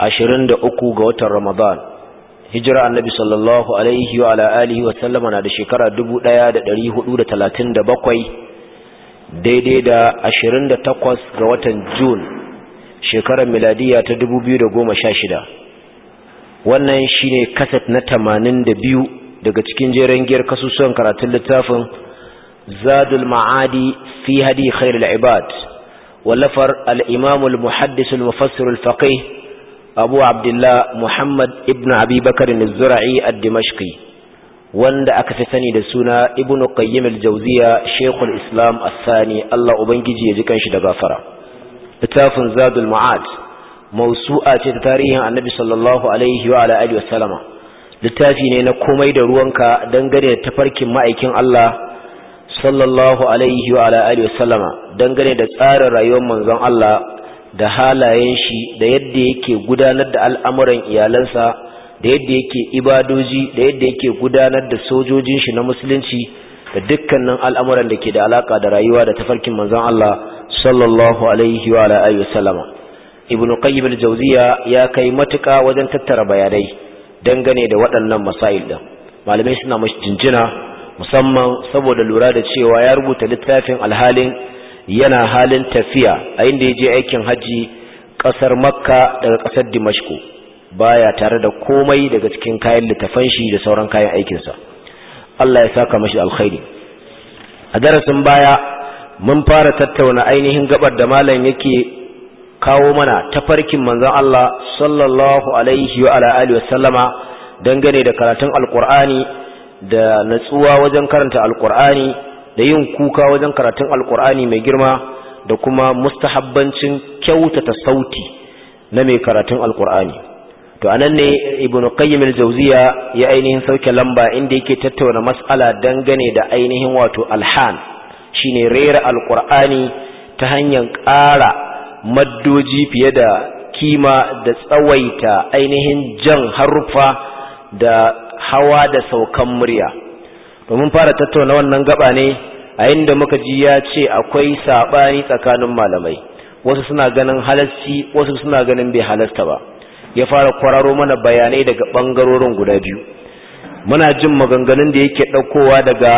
ashirin da uku ga watan Ramadan hijira annabi sallallahu alaihi wa ala wa sallama na da shekara dubu ɗaya da ɗari hudu da talatin da bakwai daidai da ashirin da takwas ga watan Jun shekarar miladiya ta dubu biyu da goma sha shida wannan shine kaset na tamanin da biyu daga cikin jeren giyar kasusuwan karatun littafin zadul ma'adi fi hadi khairul ibad wallafar al-imam al-muhaddis abu abdullah muhammad ibn abi bakar zura'i ad-dimashqi wanda aka fi sani da suna ibn qayyim al-jawziya islam as-sani Allah ubangiji ya ji kanshi da gafara littafin zadul ma'ad mawsu'a ce ta tarihin annabi sallallahu alaihi wa ala alihi wa sallama littafi ne na komai da ruwanka dangane da tafarkin ma'aikin Allah sallallahu alaihi wa ala alihi wa sallama dangane da tsarin rayuwar manzon Allah da halayen shi da yadda yake gudanar da al'amuran iyalansa da yadda yake ibadoji da yadda yake gudanar da sojojin shi na musulunci da dukkanin al'amuran da ke da alaka da rayuwa da tafarkin manzon Allah sallallahu alaihi wa alihi wasallama ibnu qayyim al-jawziya ya kai matuka wajen tattara bayanai dangane da waɗannan masail din malamai suna mashi musamman saboda lura da cewa ya rubuta littafin alhalin yana halin tafiya a inda ya je aikin hajji ƙasar makka daga ƙasar dimashku baya tare da komai daga cikin kayan littafan shi da sauran kayan aikinsa Allah ya saka mashi alkhairi a darasin baya mun fara tattauna ainihin gabar da malam yake kawo mana tafarkin manzon Allah sallallahu alaihi wa wa sallama dangane da karatun alqur'ani da natsuwa wajen karanta alqur'ani da yin kuka wajen karatun alkur'ani mai girma da kuma mustahabbancin kyautata sauti na mai karatun alkur'ani to anan ne ibnu qayyim al-jawziya ya ainihin sauke lamba inda yake tattauna mas'ala dangane da ainihin wato alhan shine rera alkur'ani ta hanyar ƙara maddoji fiye da kima da tsawaita ainihin jan haruffa da hawa da saukan murya domin fara tattauna wannan gaba ne a inda muka ji ya ce akwai saɓani tsakanin malamai wasu suna ganin halasci wasu suna ganin bai halasta ba ya fara kwararo mana bayanai daga ɓangarorin guda biyu muna jin maganganun da yake ɗaukowa daga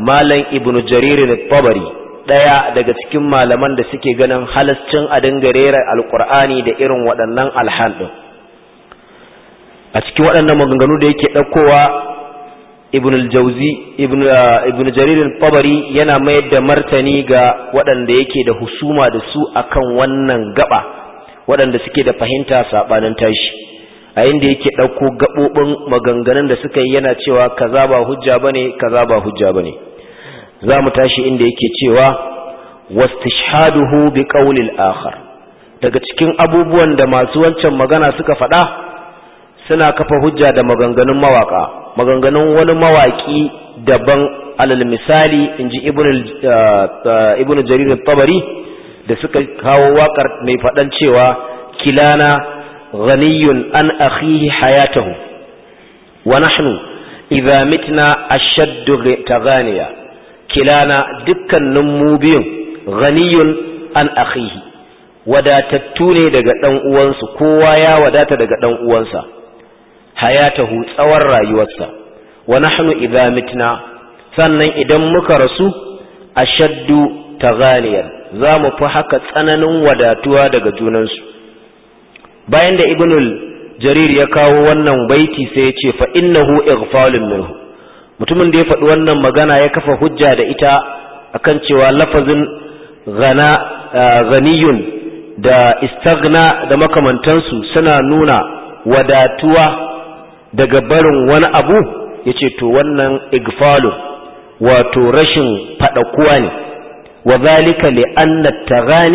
malam ibn jaririn tabari ɗaya daga cikin malaman da suke ganin halascin a dinga rera alƙur'ani da irin waɗannan alhan ɗin a cikin waɗannan maganganu da yake ɗaukowa ibn al-jauzi uh, ibn jarir al yana mayar da martani ga waɗanda yake da husuma da su akan wannan gaba waɗanda suke da fahimta sabanin tashi a inda yake ɗauko gabobin maganganun da suka yi yana cewa kaza ba hujja bane kaza ba hujja bane zamu tashi inda yake cewa wastishhaduhu bi akhar daga cikin abubuwan da masu wancan magana suka faɗa suna kafa hujja da maganganun mawaka maganganun wani mawaki daban alal misali in ji uh, uh, ibn jarir tabari da suka kawo wakar mai faɗan cewa kilana ghaniyun an akhihi hayatahu wa nahnu idha mitna ashaddu taghaniya kilana dukkanin mu biyun ghaniyun an akhihi wadatattu ne daga dan uwansu kowa ya wadata daga dan uwansa hayatahu tsawon rayuwarsa wa nahnu idza mitna sannan idan muka rasu ashaddu taghaliyan zamu zamu fi haka tsananin wadatuwa daga junansu bayan da ibnul jarir ya kawo wannan baiti sai ya ce fa innahu ighfalun minhu mutumin da ya faɗi wannan magana ya kafa hujja da ita akan cewa lafazin ghana ghaniyun da istagna da makamantansu suna nuna wadatuwa daga barin wani abu ya ce to wannan igfalu wato rashin faɗakuwa ne wa zalika li anna ta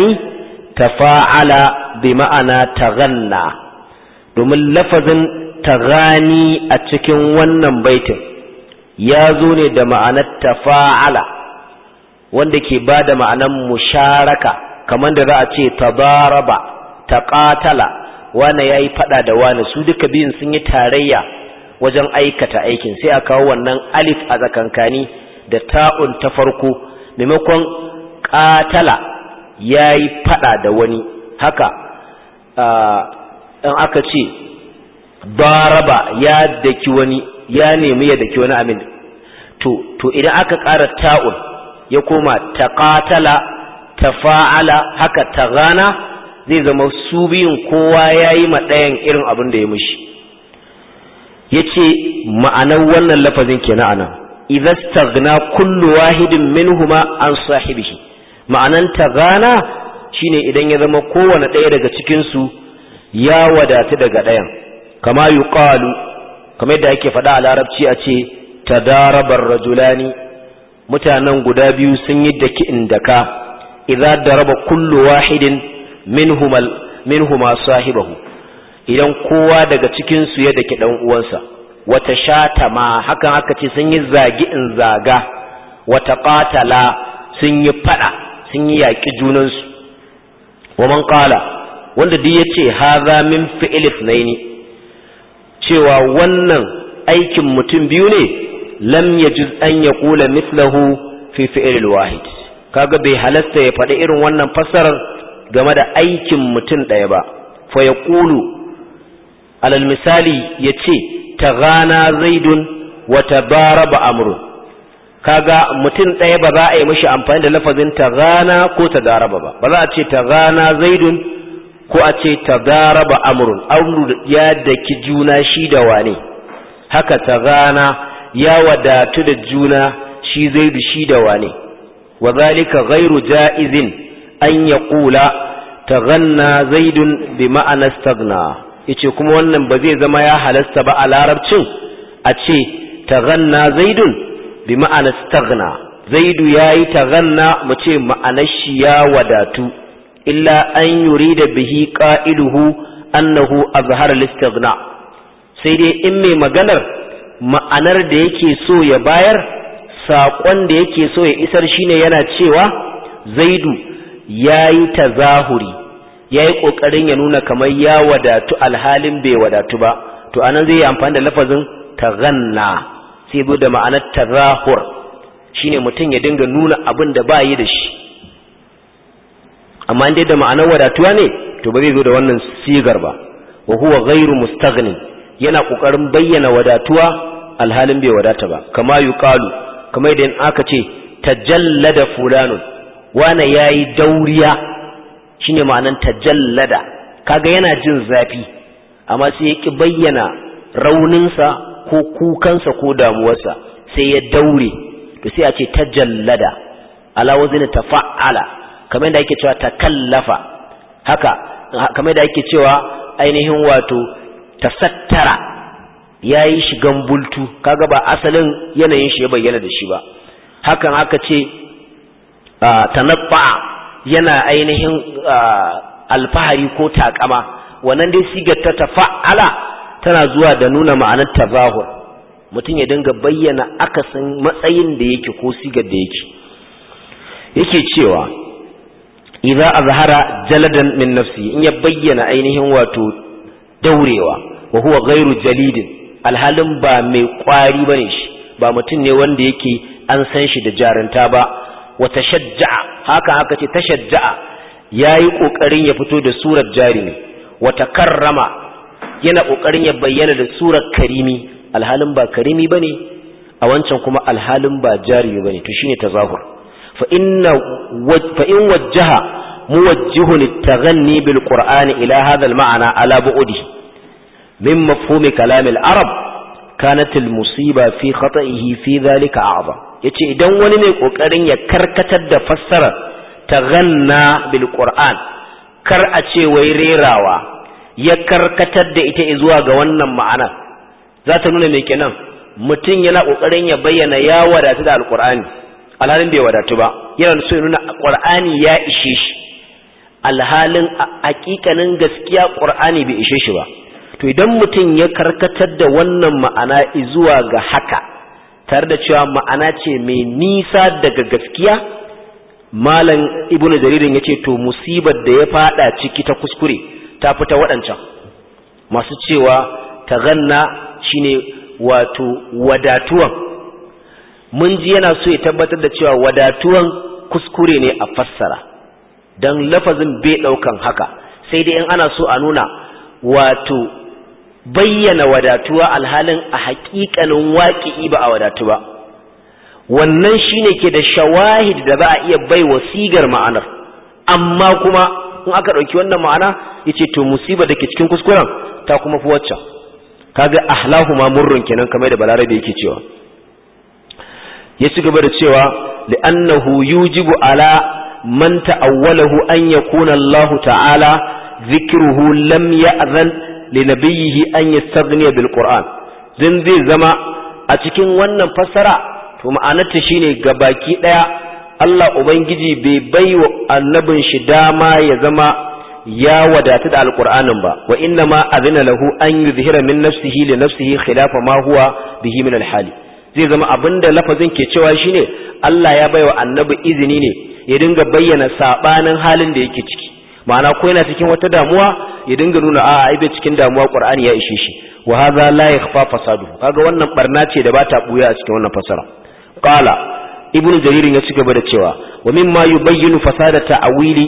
tafa'ala bi ma'ana taganna domin lafazin tagani a cikin wannan baitin ya zo ne da ma'anar tafa'ala wanda ke ba da ma'anar musharaka kamar da za a ce tabaraba taqatala wane ya yi fada da wane su duka biyun sun yi tarayya wajen aikata aikin sai a kawo wannan alif a tsakankani da ta'un ta farko maimakon katala ya yi fada da wani haka in aka ce baraba ya daki wani ya nemi ya daki wani amin to idan aka ƙara ta'un ya koma ta katala ta fa'ala haka ta gana zai zama su biyun kowa ya yi ɗayan irin abin da ya mushi ya ce ma'anar wannan lafazin kenan anan idastagna kullu wahidin minhuma an sahibihi ma'anan tagana shine idan ya zama kowane ɗaya daga cikinsu ya wadatu daga ɗayan kama ƙalu kamar yadda ake faɗa a larabci a ce ta darabar rajulani mutanen guda biyu sun yi daki daka idan daraba kullu wahidin minhumal minhuma sahibahu idan kowa daga cikin su ya dake dan uwansa wata shata ma hakan aka ce sun yi zagi in zaga wata ƙatala sun yi fada sun yi yaki junan su wa man qala wanda duk yace hadha min fi'l ithnaini cewa wannan aikin mutum biyu ne lam ji an yaqula mithlahu fi fi'l wahid kaga bai halasta ya faɗi irin wannan fassarar game da aikin mutum ɗaya ba fa ya ƙulu alal misali ya ce ta gana zaidun wata bara ba amurin kaga mutum ɗaya ba za a yi mashi amfani da lafazin ta gana ko ta gara ba ba za a ce ta gana zaidun ko a ce ta gara ba amurin amuru ya daki juna shi da wane haka ta gana ya wadatu da juna shi zaidu shi da wane wa zalika ghairu ja'izin an ya ƙula ta ganna zaidun bi ma'ana stagna yace kuma wannan ba zai zama ya halasta ba a larabcin a ce ta ganna zaidun bi ma'ana stagna zaidu ya yi ta ganna mu ce ma'anar shi ya wadatu illa an yuri da bihi ƙa'iduhu annahu azhar listaghna sai dai in mai maganar ma'anar da yake so ya bayar saƙon da yake so ya isar shine yana cewa zaidu ya yi tazahuri ya yi ƙoƙarin ya nuna kamar ya wadatu alhalin bai wadatu ba to anan zai yi amfani da lafazin ganna sai bu da ma'anar ta shi ne mutum ya dinga nuna abin da ba yi da shi amma dai da ma'anar wadatuwa ne to ba zai zo da wannan sigar ba wa huwa ghairu mustaghni yana ƙoƙarin bayyana wadatuwa alhalin bai wadata ba kama yuqalu kamar idan aka ce tajallada fulanun wane yi dauriya shine ma'anan tajallada kaga yana jin zafi amma sai ya ki bayyana rauninsa ko kukansa ko damuwarsa sai ya daure to sai a ce tajallada ala ta tafa'ala kamar da yake cewa ta kallafa haka kamar da yake cewa ainihin wato ta ya yi shigan bultu kaga ba asalin yanayin shi ya bayyana da shi ba hakan aka ce tanabba yana ainihin alfahari ko takama wannan dai sigar ta tafa'ala tana zuwa da nuna ma'anar tazahur mutum ya dinga bayyana akasin matsayin da yake ko sigar da yake yake cewa idza azhara jaladan min nafsi in ya bayyana ainihin wato daurewa wa huwa ghairu jalidin alhalin ba mai kwari bane shi ba mutum ne wanda yake an san shi da jarunta ba wata tashajja'a haka haka ce ya yayi ƙoƙarin ya fito da surar jarimi wata karrama yana ƙoƙarin ya bayyana da surar karimi alhalin ba karimi ne a wancan kuma alhalin ba jarimi ne to shine tazahur fa inna fa in wajjaha muwajjihun at-taghanni bil qur'ani ila hadha ma'ana ala bu'di min mafhumi kalamil arab kanatil musiba في خطئه في ذلك أعظم yace idan wani ne kokarin ya karkatar da fassara ta bil qur'an kar a ce wai rerawa ya karkatar da ita zuwa ga wannan ma'ana za ta nuna mai kenan mutum yana kokarin ya bayyana ya wadatu da alqur'ani alhalin bai wadatu ba yana so ya nuna ƙur'ani ya ishe shi alhalin hakikanin gaskiya ƙur'ani bai ishe shi ba to idan mutum ya karkatar da wannan ma'ana zuwa ga haka tare da cewa ma'ana ce mai nisa daga gaskiya malam ibnu jaririn ya ce to musibar da ya fada ciki ta kuskure ta fita waɗancan masu cewa ta ganna shine wato wadatuwan mun ji yana so ya tabbatar da cewa wadatuwan kuskure ne a fassara don lafazin bai ɗaukan haka sai dai in ana so a nuna wato bayyana wadatuwa alhalin a haƙiƙanin waƙi'i ba a wadatu ba wannan shine ke da shawahid da za a iya bai wasigar ma'anar amma kuma in aka ɗauki wannan ma'ana ya ce to musiba da ke cikin kuskuren ta kuma fi waccan kaga ahlahu ma murrun kenan kamar da balarabe yake cewa ya ci gaba da cewa li'annahu yujibu ala man ta'awwalahu an yakuna Allah ta'ala zikruhu lam ya'zan linabiyihi nabiyhi an yi bil bilkur'an din zai zama a cikin wannan fassara to ma'anarta shine baki ɗaya Allah ubangiji bai bai wa annabin shi dama ya zama ya wadatu da alkur'anin ba wa inna ma azina lahu an zihira min nafsihi li nafsihi khilafa ma huwa bihi min alhali zai zama abinda lafazin ke cewa shine Allah ya bai wa annabi izini ne ya dinga bayyana sabanin halin da yake ciki ma'ana ko yana cikin wata damuwa ya dinga nuna a ai cikin damuwa qur'ani ya ishe shi wa hadha la yakhfa fasadu kaga wannan barna ce da bata buya a cikin wannan fasara qala ibnu jarir ya ci gaba da cewa wa mimma yubayyinu fasada ta'wili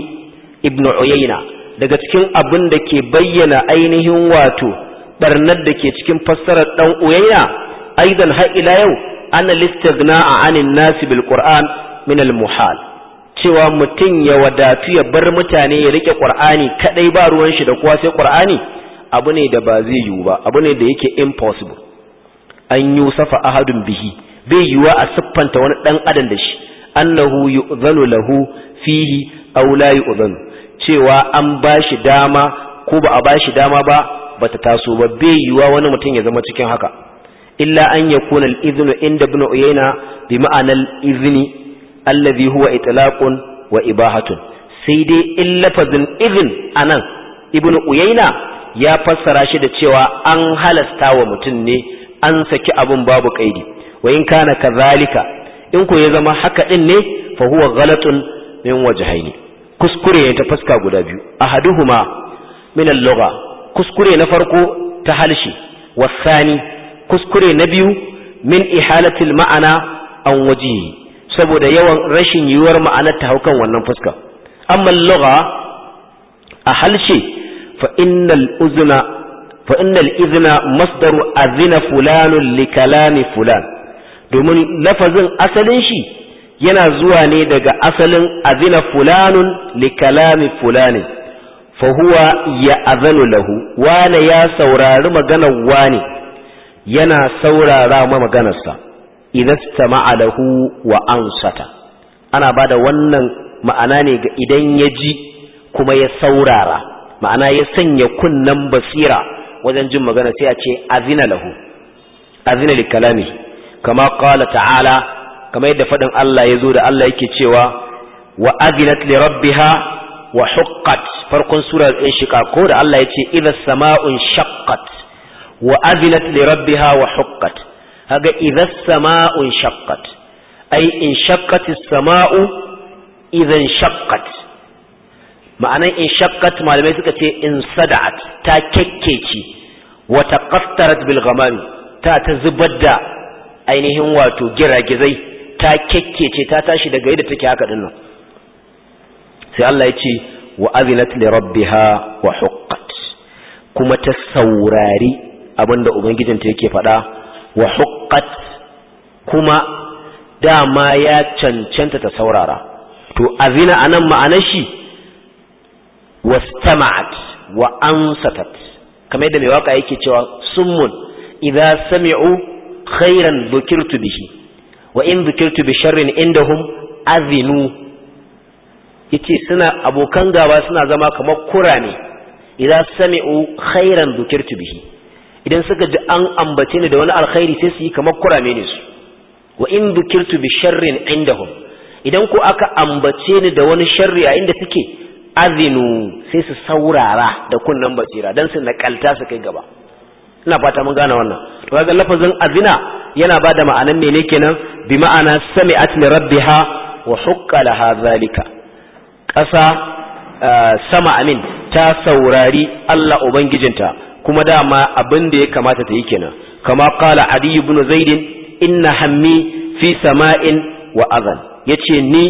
ibnu uyayna daga cikin abin da ke bayyana ainihin wato barnar da ke cikin fassarar dan uyayna aidan har ila yau ana listighna'a anin nasi bil qur'an min al muhal cewa mutum ya wadatu ya bar mutane ya rike qur'ani kaɗai ba ruwan shi da kowa sai qur'ani abu ne da ba zai yiwu ba abu ne da yake impossible an yusafa ahadun bihi bai yiwu a siffanta wani dan adam da shi annahu yu'zanu lahu fihi aw la yu'zanu cewa an bashi dama ko ba a bashi dama ba bata taso ba bai yiwa wani mutum ya zama cikin haka illa an yakuna al-idhnu inda ibn uyayna bi ma'anar izini allazi huwa itlaqun wa ibahatun sai dai in lafazin idin anan ibnu uyaina ya fassara shi da cewa an halasta wa mutum ne an saki abun babu kaidi wa in kana kadhalika in ko ya zama haka din ne fa huwa ghalatun min wajhaini kuskure ne ta fuska guda biyu ahaduhuma min al-lugha kuskure na farko ta halshi wasani kuskure na biyu min ihalatil ma'ana an wajihi saboda yawan rashin yiwuwar ma'anar ta haukan wannan fuska amma lugha a halshe fa innal izna masdaru azina fulanun li kalami fulan domin lafazin asalin shi yana zuwa ne daga asalin azina fulanun li kalami fulani fa huwa ya azanu lahu wane ya saurari maganar wane yana saurara ma maganarsa sama'a lahu wa ansata ana bada wannan ma'ana ne ga idan ya ji kuma ya saurara ma'ana ya sanya kunnan basira wajen jin magana sai a ce azina lahu azina li kalami kama qala ta'ala kama yadda faɗin Allah ya zo da Allah yake cewa wa azinat li rabbiha wa huqqat farkon sura al-inshiqa ko da Allah ya ce idha sama'un shaqqat wa azinat li rabbiha wa huqqat haga idan sama'un shaqqat ai in shaqqat as-sama'u idan shaqqat ma'anan in shaqqat malamai suka ce in sada'at ta kekkeci wa taqattarat bil ta ta zubar da ainihin wato giragizai ta kekkece ta tashi daga yadda take haka dinnan sai Allah ya ce wa azinat li rabbiha wa huqqat kuma ta saurari abinda ubangijinta yake faɗa wa huqqat qat kuma dama ya cancanta ta saurara to azina anan ma'anar shi wastama'at wa ansatat kamar yadda mai waka yake cewa summun idza sami'u khairan dhukirtu bihi wa in dhukirtu bi sharrin indahum azinu yace abokan gaba suna zama kamar kurani idza sami'u khairan dhukirtu bihi idan suka ji an ambace ni da wani alkhairi sai su yi kamar kurame ne su wa in dukirtu bi sharrin indahum idan ko aka ambace ni da wani sharri a inda suke azinu sai su saurara da kunnan basira dan su nakalta su kai gaba ina fata mun gane wannan to ga lafazin azina yana bada ma'anan mene kenan bi ma'ana sami'at li rabbiha wa hukka laha zalika ƙasa eh, sama amin ta saurari Allah ubangijinta kuma dama abin da ya kamata ta yi kenan kama qala adi ibn Zaidin, inna hammi fi sama'in wa Ya yace ni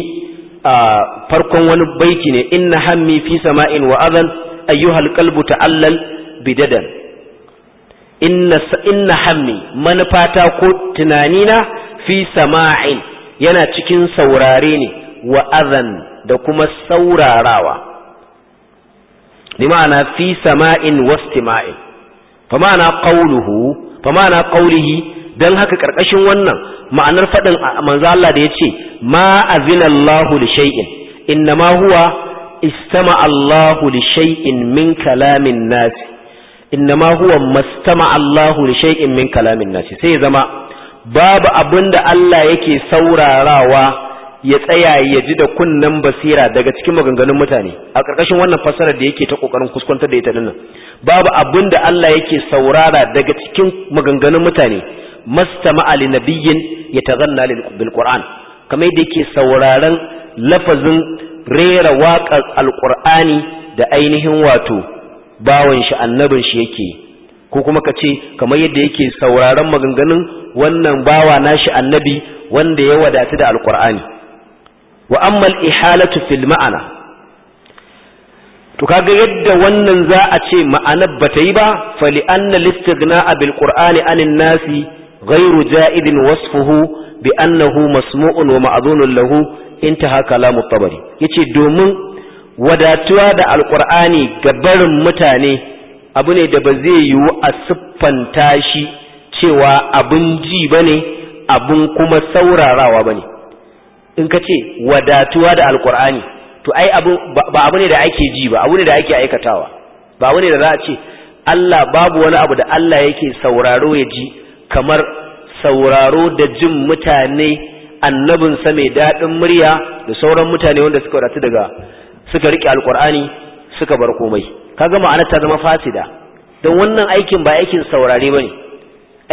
farkon wani baiti ne inna hammi fi sama'in wa azan ayyuhal qalbu ta'allal bidadan inna hammi manufata ko tunanina fi sama'in yana cikin saurare ne wa azan da kuma saurarawa ni ma'ana fi sama'in ma'in. famana qawluhu famana qawlihi dan haka karkashin wannan ma'anar fadin manzo Allah da yace ma azina Allahu li shay'in innama huwa istama Allahu li shay'in min kalamin nas innama huwa mastama Allahu li shay'in min kalamin nas sai zama babu abinda Allah yake saurarawa ya tsaya ya ji da kunnen basira daga cikin maganganun mutane a ƙarƙashin wannan fasarar da yake ta ƙoƙarin kuskwantar da ita dinnan babu abin da Allah yake saurara daga cikin maganganun mutane mastama ya nabiyyin yatazanna lil qur'an kamar yadda yake sauraron lafazin rera waƙar alqur'ani da ainihin wato bawan shi annabin shi yake ko kuma ka ce kamar yadda yake sauraron maganganun wannan bawa nashi annabi wanda ya wadatu da alqur'ani wa ammal ihalatu fil ma'ana to kaga yadda wannan za a ce ma'anar bata yi ba fa li anna listighna'a bil qur'ani anin nasi ghayru ja'idin wasfuhu bi annahu masmu'un wa ma'dhunun lahu intaha kalamu tabari yace domin wadatuwa da alqur'ani barin mutane abu ne da ba zai yiwu a siffanta shi cewa abun ji bane abun kuma saurarawa bane in ka ce wadatuwa da alkur'ani to ai abu ba abu ne da ake ji ba abu ne da ake aikatawa ba abu ne da za a ce Allah babu wani abu da Allah yake sauraro ya ji kamar sauraro da jin mutane annabinsa mai daɗin murya da sauran mutane wanda suka wadatu daga suka riƙe alkur'ani suka bar komai kaga ma'ana ta zama fasida don wannan aikin ba aikin saurare bane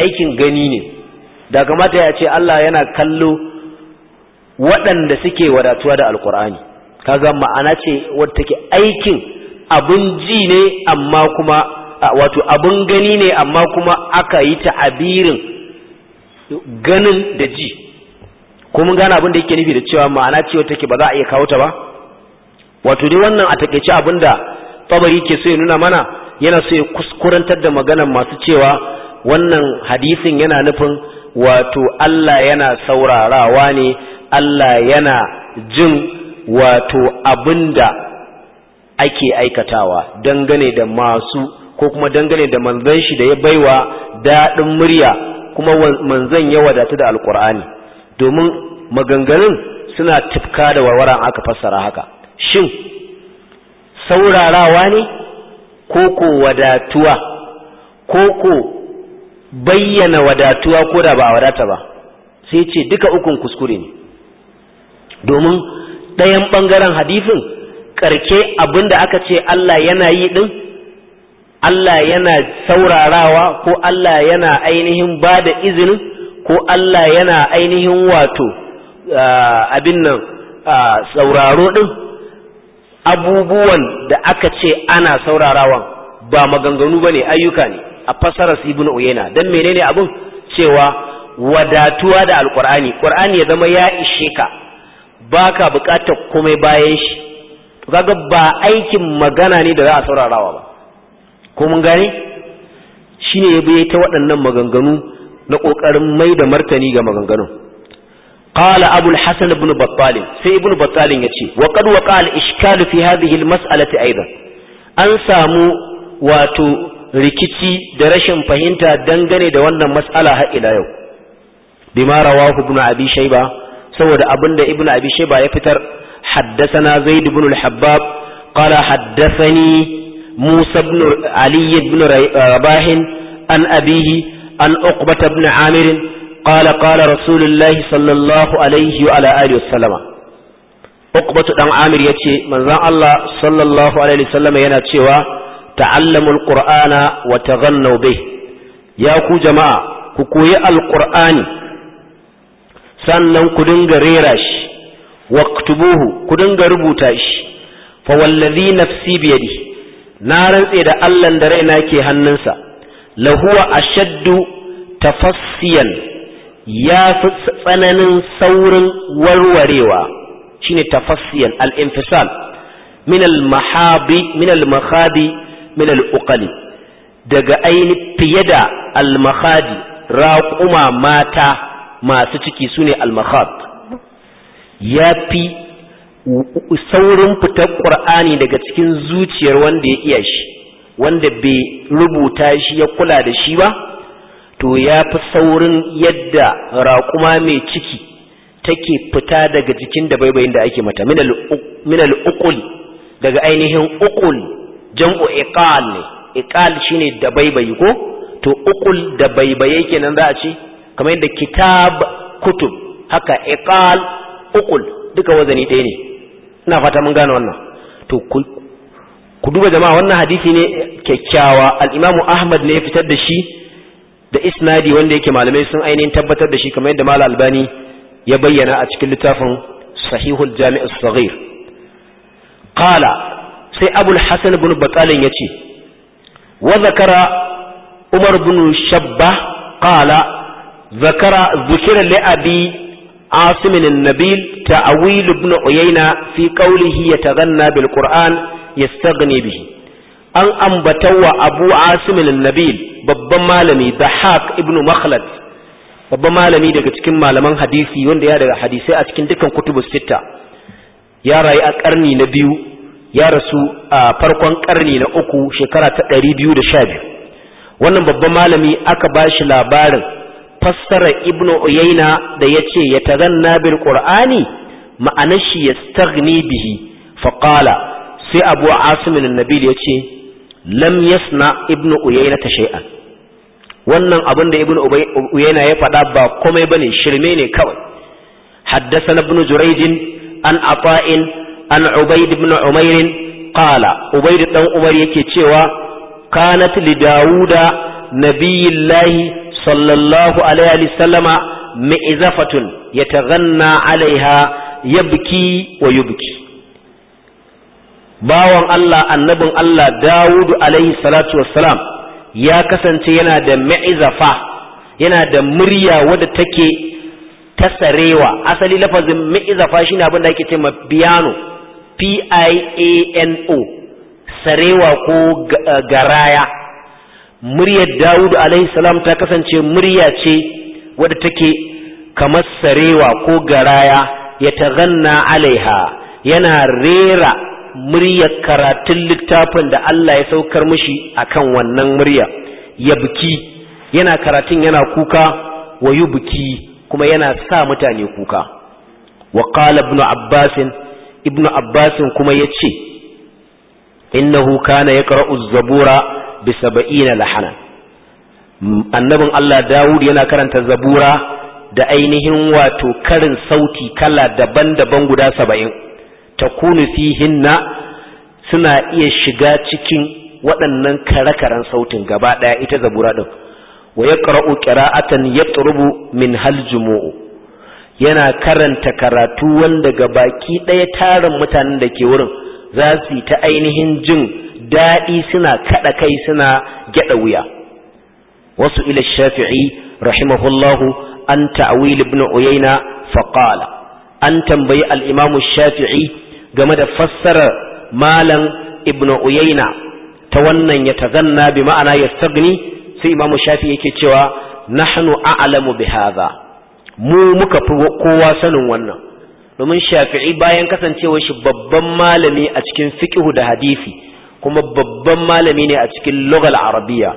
aikin gani ne da kamata ya ce Allah yana kallo waɗanda suke wadatuwa da alkur'ani kaga ma'ana ce wadda take aikin abin ji ne amma kuma wato abin gani ne amma kuma aka yi ta'abirin ganin da ji ko mun gane abin da yake nufi da cewa ma'ana ce wadda take ba za a iya kawo ta ba wato dai wannan a takaice abin da tabari ke so ya nuna mana yana so ya kuskurantar da maganar masu cewa wannan hadisin yana nufin wato Allah yana saurarawa ne Allah yana jin wato abinda ake aikatawa dangane da masu ko kuma dangane da manzon shi da ya baiwa daɗin murya kuma manzon ya wadatu da alkur'ani domin maganganun suna tifka da warwara aka fassara haka shin saurarawa ne ko ko wadatuwa ko ko bayyana wadatuwa ko da ba a wadata ba sai ce duka ukun kuskure ne domin ɗayan ɓangaren hadifin ƙarke abin da aka ce Allah yana yi ɗin Allah yana saurarawa ko Allah yana ainihin ba da izinin ko Allah yana ainihin wato abin nan sauraro ɗin abubuwan da aka ce ana saurarawa ba maganganu ba ne ayyuka ne a fasarar ibn uyena don menene abin cewa wadatuwa da alkur'ani ƙur'ani ya zama ya ishe ka baka bukatar komai bayan shi to kaga ba aikin magana ne da za a saurarawa ba kuma mun gane shine ya bi ta waɗannan maganganu na ƙoƙarin mai da martani ga maganganun qala abu al-hasan ibn sai ibn battal ya wa qad wa al-ishkal fi hadhihi al-mas'alati aidan an samu wato rikici da rashin fahimta dangane da wannan mas'ala har ila yau bima rawahu ibn abi shayba saboda abin da ibnu abi shayba ya fitar haddathana zaid ibn al-habbab qala haddathani musa ibn ali ibn rabah an abihi an uqbah ibn amir qala qala rasulullahi sallallahu alaihi wa ala alihi wasallama uqbah dan amir yace manzon Allah sallallahu alaihi wasallama yana cewa ta'allamul qur'ana wa taghannu bih ya ku jama'a ku koyi alqur'ani sannan ku dinga rera shi waktubuhu ku dinga rubuta shi fa wallazi nafsi biyadi na rantse da Allah da raina ke hannunsa lahuwa ashaddu tafassiyan ya fi tsananin saurin warwarewa shine tafassiyan al-infisal min al-mahabi min al min al-uqali daga aini fiye da al-mahadi mata masu ciki su ne almakhab ya fi saurin fitar ƙur'ani daga cikin zuciyar wanda ya iya shi wanda bai rubuta shi ya kula da shi ba to ya fi saurin yadda raƙuma mai ciki take fita daga jikin da baibayin da ake mata minal uqul daga ainihin uƙul jam'u iqal iqal shine da baibayi ko to ukul da baibaye kenan za a ce kamar yadda kitab kutub haka iqal uqul duka wazani ɗaya ne ina fata mun gane wannan to ku duba jama'a wannan hadisi ne kyakkyawa al-imamu ahmad ne ya fitar da shi da isnadi wanda yake malamai sun ainihin tabbatar da shi kamar yadda malam albani ya bayyana a cikin littafin sahihul jami'us saghir qala sai abul hasan ibn batalin yace wa zakara umar ibn shabba qala ذكر ذكر لأبي عاصم النبيل تأويل ابن عيينة في قوله يتغنى بالقرآن يستغني به أن أنبتوا أبو عاصم النبيل babban malami Dahak ibn Maklad babban malami daga cikin malaman hadisi wanda ya daga hadisai a cikin dukkan kutubu sita ya rayu a karni na biyu ya rasu a farkon karni na uku shekara ta ɗari biyu da sha biyu wannan babban malami aka bashi labarin fassara ibn uyayna da yace tazanna bil qur'ani ma'anar shi yastaghni bihi fa sai abu asim an-nabil yace lam yasna ibn uyayna ta shay'an wannan abin da ibn uyayna ya faɗa ba komai bane shirme ne kawai haddasa ibn jurayd an afain an ubayd ibn umair qala ubayd dan umar yake cewa kanat li dawuda nabiyillahi sallallahu alaihi wasallama mi'zafatun yataghanna alaiha yabki wa yubki bawan Allah annabin Allah Dawudu alaihi salatu wassalam ya kasance yana da mi'zafa yana da murya wadda take tasarewa asali lafazin shi shine abin da ake cewa piano p i a n o sarewa ko garaya muryar Dawudu alaihi salam ta kasance murya ce wadda take kamar sarewa ko garaya ya ta ganna alaiha yana rera murya karatun littafin da Allah ya saukar mishi akan wannan murya ya buki yana karatun yana kuka wa buki kuma yana sa mutane kuka wa qala ibn abbas ibn abbas kuma yace innahu kana ya az-zabura bi saba'ina lahana annabin Allah Dawud yana karanta zabura da ainihin wato karin sauti kala daban-daban guda saba'in fi hinna suna iya shiga cikin waɗannan kare-karen sautin gaba ɗaya ita zabura ɗin wa ya ƙara'u ƙira'atan ya min hal yana karanta karatu wanda ga baki ɗaya tarin mutanen da ke wurin za su yi ta ainihin jin daɗi suna kaɗa kai suna gyaɗa wuya wasu ila shafi'i rahimahullahu an ta'wil ibn uyayna faqala an tambayi al-imam shafi'i game da fassarar malam ibn uyayna ta wannan ya tazanna bi ma'ana yastagni sai imam shafi'i yake cewa nahnu a'lamu bi hadha mu muka fi kowa sanin wannan domin shafi'i bayan kasancewar shi babban malami a cikin fiqhu da hadisi kuma babban malami ne a cikin logal arabiya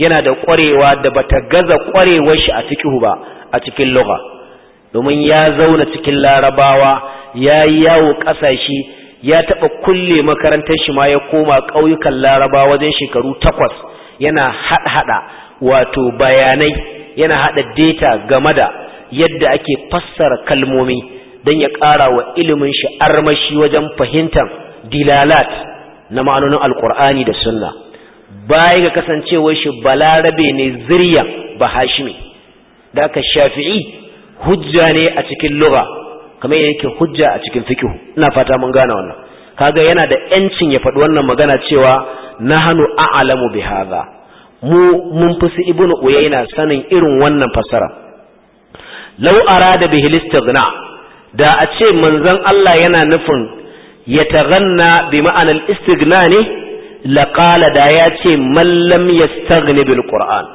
yana da ƙwarewa da bata gaza ƙwarewar shi a fiqhu ba a cikin loga domin ya zauna cikin larabawa ya yi yawo ƙasashe ya taɓa kulle makarantar shi ma ya koma ƙauyukan larabawa wajen shekaru takwas yana haɗa wato bayanai yana haɗa data game da yadda ake fassara kalmomi don ya ƙara wa ilimin shi armashi wajen fahimtar dilalat na ma'anonin alkur'ani da sunna baya ga kasancewar shi balarabe ne zirya ba hashimi da aka shafi'i hujja ne a cikin lura kamar yake hujja a cikin fikihu ina fata mun gane wannan kaga yana da yancin ya faɗi wannan magana cewa na hannu nahanu a'lamu bi haza. mu mun fi su ibnu uyayna sanin irin wannan fasara. law da bihi listighna da a ce manzon Allah yana nufin ya taganna bi ma'anar istigna ne laƙala da ya ce mallam ya stagni bil ƙur'an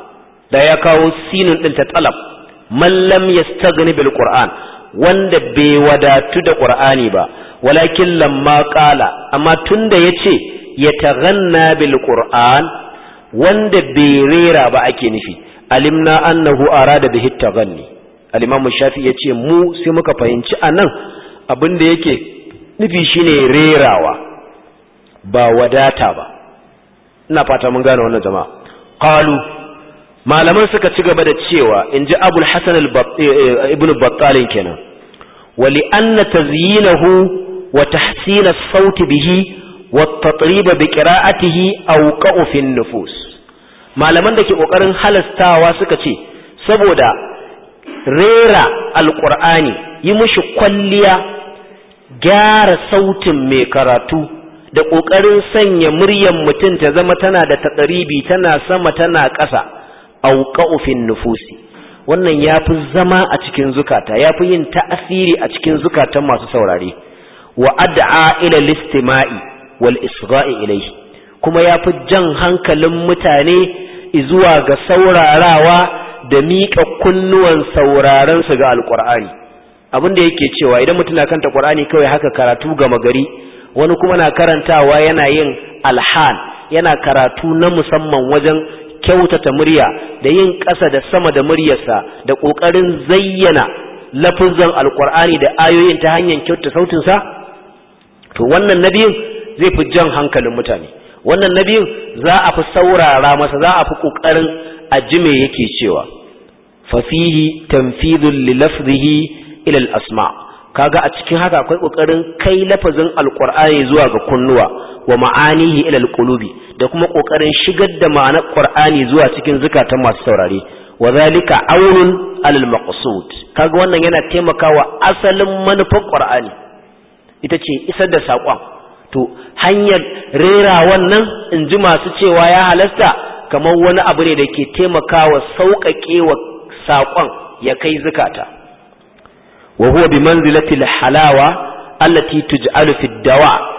da ya kawo sinin ɗin ta talab mallam ya stagni bil ƙur'an wanda bai wadatu da ƙur'ani ba walakin lamma ƙala amma tun da ya ce ya taganna bil ƙur'an wanda bai rera ba ake nufi alimna annahu arada bihi taganni al-imam shafi yace mu sai muka fahimci anan abin da yake nufi shine rerawa ba wadata ba ina fata mun gane wannan jama'a Ƙalu malaman suka ci gaba da cewa inji abul hasan eh, eh, ibn battal kenan wali anna tazyinahu wa tahsin as bihi wa at-tatrib bi qira'atihi awqa'u fi an-nufus malaman da ke kokarin halastawa suka ce saboda rera Alƙur'ani yi mushi kwalliya gyara sautin mai karatu da ƙoƙarin sanya muryar mutum ta zama tana da taɗaribi tana sama tana ƙasa auƙa'ufin nufusi wannan ya fi zama a cikin zukata ya fi yin ta'asiri a cikin zukatan masu saurare wa ad'a ila listima'i wal isra'i ilayhi kuma ya fi jan hankalin mutane zuwa ga saurarawa da miƙa kunnuwan sauraron su ga alƙur'ani abin da yake cewa idan mutum na kanta Qur'ani kawai haka karatu gama gari wani kuma na karantawa yana yin alhan yana karatu na musamman wajen kyautata murya da yin ƙasa da sama da muryarsa da ƙoƙarin zayyana lafizan alƙur'ani da ayoyin ta hanyar kyautata sautinsa to wannan nabiyin zai fi jan hankalin mutane wannan nabiyin za a fi saurara masa za a fi ƙoƙarin a ji yake cewa fasihi tanfidun lilafzihi lafzihi ila al-asma kaga a cikin haka akwai kokarin kai lafazin alqur'ani zuwa ga kunnuwa wa ma'anihi ila al-qulubi da kuma kokarin shigar da ma'anar qur'ani zuwa cikin zukatan masu saurare wa zalika aunun alal maqsud kaga wannan yana taimakawa asalin manufar qur'ani ita ce isar da saƙon to hanyar rera wannan in ji masu cewa ya halasta kamar wani abu ne da ke taimakawa sauƙaƙe wa saƙon ya kai zukata wa huwa bi manzilati halawa allati tuj'alu fi dawa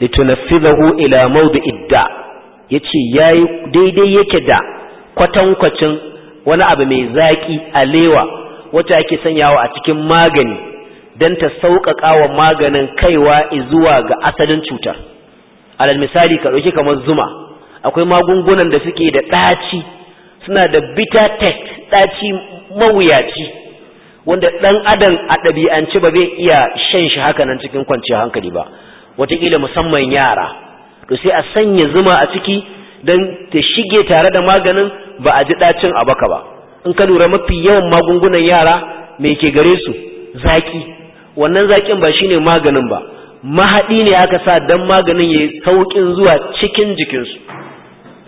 litunaffidahu ila mawdi'i da yace yayi daidai yake da kwatankwacin wani abu mai zaki alewa wata ki sanyawa a cikin magani dan ta sauƙaƙa wa maganin kaiwa zuwa ga asalin cutar alal misali ka kamar zuma akwai magungunan da suke da ɗaci suna da bitter taste ɗaci mawuyaci wanda dan adam a ɗabi'anci ba zai iya shan shi haka nan cikin kwanciyar hankali ba wataƙila musamman yara to sai a sanya zuma a ciki dan ta shige tare da maganin ba a ji ɗacin a baka ba in ka lura mafi yawan magungunan yara mai ke gare su zaƙi wannan zaƙin ba shine maganin ba mahaɗi ne aka sa dan maganin ya sauƙin zuwa cikin jikinsu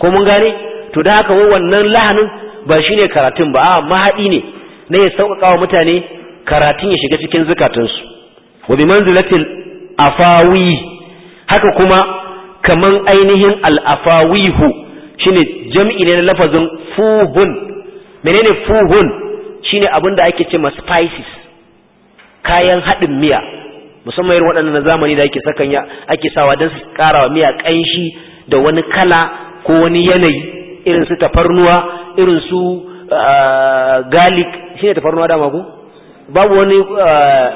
ko mun gane to da haka wannan lahanin ba shine karatun ba a mahaɗi ne na ya sauƙaƙa wa mutane karatun ya shiga cikin zukatunsu, wa bi manzilatil afawi haka kuma kaman ainihin al'afawihu shine jam'i ne na lafazin fuhun menene fuhun shine abin da ake ce ma spices kayan haɗin miya musamman irin waɗannan na zamani da ake sakanya ake sawa don su ƙara wa miya ƙanshi da wani kala ko wani yanayi irin su tafarnuwa irin su Ah, garlic ne tafarnuwa dama ku babu wani ah,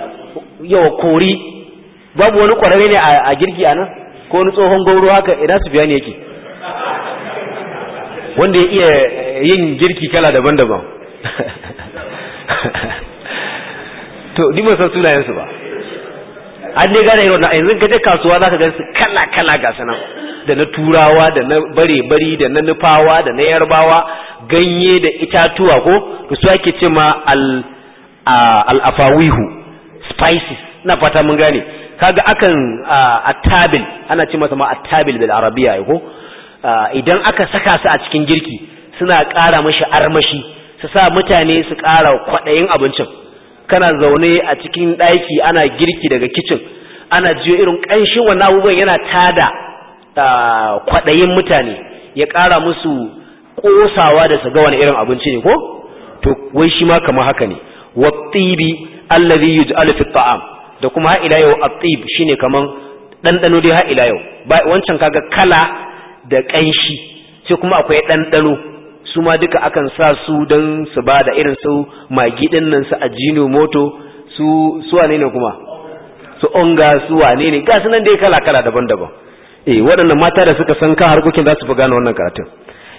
yawa kori babu wani kwararre ne a girki nan ko wani tsohon gauro haka idan su biya ne yake wanda ya iya yin girki kala daban-daban to dimasan sunayensu ba an dai gane irin yanzu ka je kasuwa zaka ga su kala kala ga sanan da na turawa da na bare bari da na nufawa da na yarbawa ganye da itatuwa ko to su ake ce ma al al afawihu spices na fata mun gane kaga akan attabil ana ce masa ma attabil bil arabiya ko idan aka saka su a cikin girki suna ƙara mashi armashi su sa mutane su ƙara kwaɗayin abincin kana zaune a cikin ɗaki ana girki daga kicin ana jiyo irin ƙanshin wannan abubuwan yana tada kwaɗayin mutane ya ƙara musu ƙosawa da su ga irin abinci ne ko to wai shi ma kamar haka ne wa tibi allazi yuj'alu fi ta'am da kuma ha ila yau shine kaman dandano dai ha ila yau wancan kaga kala da ƙanshi sai kuma akwai dandano su ma duka akan sa su don su ba da irin su magi ɗin nan su ajino moto su suwa wane ne kuma su onga su wane ne ga nan dai kala kala daban-daban eh waɗannan mata da suka san kan harkokin za su fi gane wannan karatun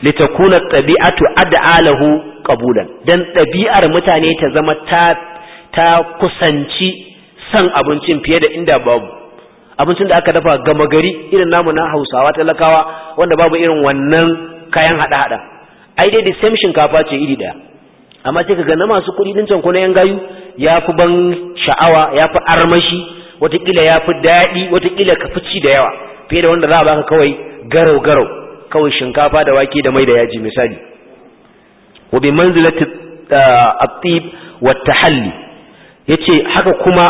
litakuna ɗabi'atu ad'alahu qabulan dan ɗabi'ar mutane ta zama ta ta kusanci san abincin fiye da inda babu abincin da aka dafa gama gari irin namu na Hausawa talakawa wanda babu irin wannan kayan haɗa-haɗa ai dai da same shinkafa ce iri daya amma sai kaga na masu kuɗi din can na yan gayu ya fi ban sha'awa ya fi armashi watakila ya fi daɗi watakila ka fi ci da yawa fiye da wanda za a baka kawai garau garau kawai shinkafa da wake da mai da yaji misali wa bi manzilati ah, at-tib wa at-tahalli yace haka kuma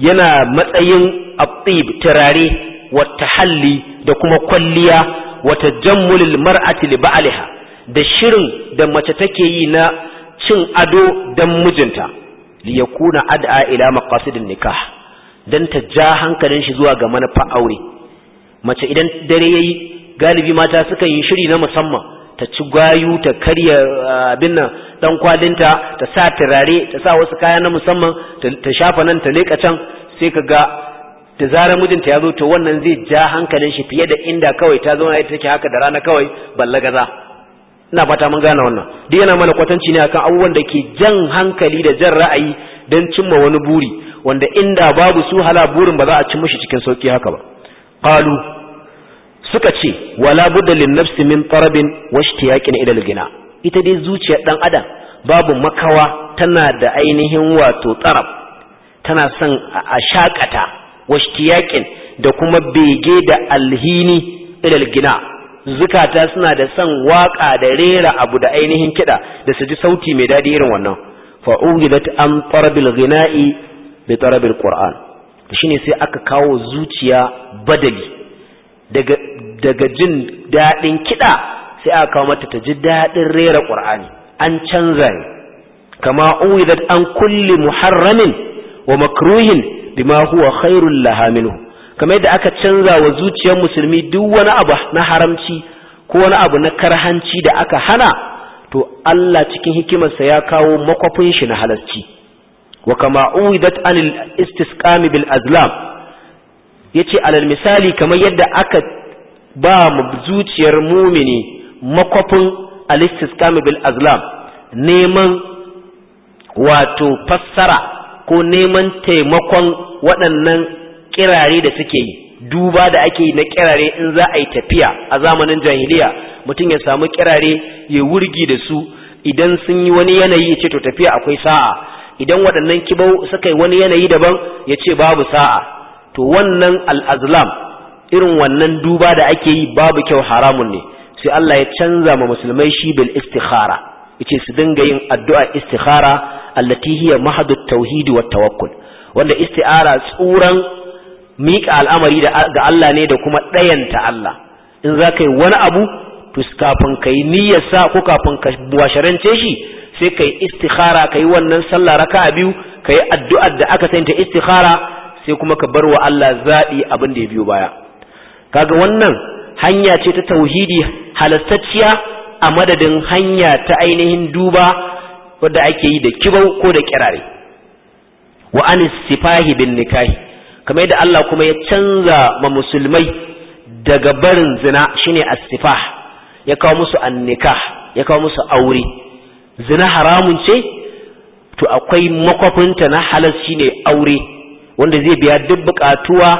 yana matsayin at-tib turare wa at-tahalli da kuma kwalliya wa tajammulil mar'ati li ba'liha da shirin da mace take yi na cin ado dan mijinta li yakuna ad'a ila maqasidin nikah dan ta ja hankalin shi zuwa ga manufa aure mace idan dare yayi galibi mata sukan yi shiri na musamman ta ci gayu ta karya ah, abin nan dan kwalinta ta sa turare ta sa wasu kaya na musamman ta shafa nan ta leka can sai ka ga da zarar mijinta ya zo to wannan zai ja hankalin shi fiye da inda kawai ta zauna ita take haka da rana kawai ballagaza ina fata mun gane wannan duk yana mana kwatanci ne akan abubuwan da ke jan hankali da jan ra'ayi don cimma wani buri wanda inda babu su hala burin ba za a ci mishi cikin sauki haka ba qalu suka ce wala budda lin nafsi min tarabin ishtiyaqin ila al-ghina ita dai zuciyar dan adam babu makawa tana da ainihin wato tsarab tana son a shakata ishtiyaqin da kuma bege da alhini ila al-ghina zukata suna da san waka da rera abu da ainihin kiɗa da su ji sauti mai daɗi irin wannan fa'ugidat an tarabil ghina'i bi tarabil qur'an shine sai aka kawo zuciya badali daga daga jin daɗin kiɗa sai aka kawo mata ta ji daɗin rera qur'ani an canza ne kama uwidat an kulli muharramin wa makruhin bima huwa khairul laha minhu kamar yadda aka canza wa zuciyar musulmi duk wani abu na haramci ko wani abu na karhanci da aka hana to Allah cikin hikimarsa ya kawo makwafin shi na halarci wa kama uwidat anil istisqami bil azlam yace alal misali kamar yadda aka ba mu zuciyar mumini makwafin al istisqami bil azlam neman wato fassara ko neman taimakon waɗannan kirare da suke yi duba da ake yi na kirare in za a yi tafiya a zamanin jahiliya mutum ya samu kirare ya wurgi da su idan sun yi wani yanayi ya ce to tafiya akwai sa'a idan waɗannan kibau suka yi wani yanayi daban ya ce babu sa'a to wannan al'azlam irin wannan duba da ake yi babu kyau haramun ne sai Allah ya canza ma musulmai shi bil istikhara yace su dinga yin addu'a istikhara allati hiya mahadut tauhidi wa tawakkul wanda isti'ara tsuran miƙa al'amari ga Allah ne da kuma ɗayanta Allah in za ka yi wani abu to kafin ka yi niyyarsa ko kafin ka washarance shi sai ka yi istikhara ka yi wannan sallah raka biyu ka yi addu'ar da aka sanya istikhara sai kuma ka bar wa Allah zaɓi abin da ya biyo baya kaga wannan hanya ce ta tauhidi halastacciya a madadin hanya ta ainihin duba wadda ake yi da kibau ko da kirare wa anis sifahi bin nikahi kamar yadda Allah kuma ya canza ma musulmai daga barin zina shine as ya kawo musu annikah ya kawo musu aure zina haramun ce to akwai makwafinta na halal shine aure wanda zai biya duk bukatuwa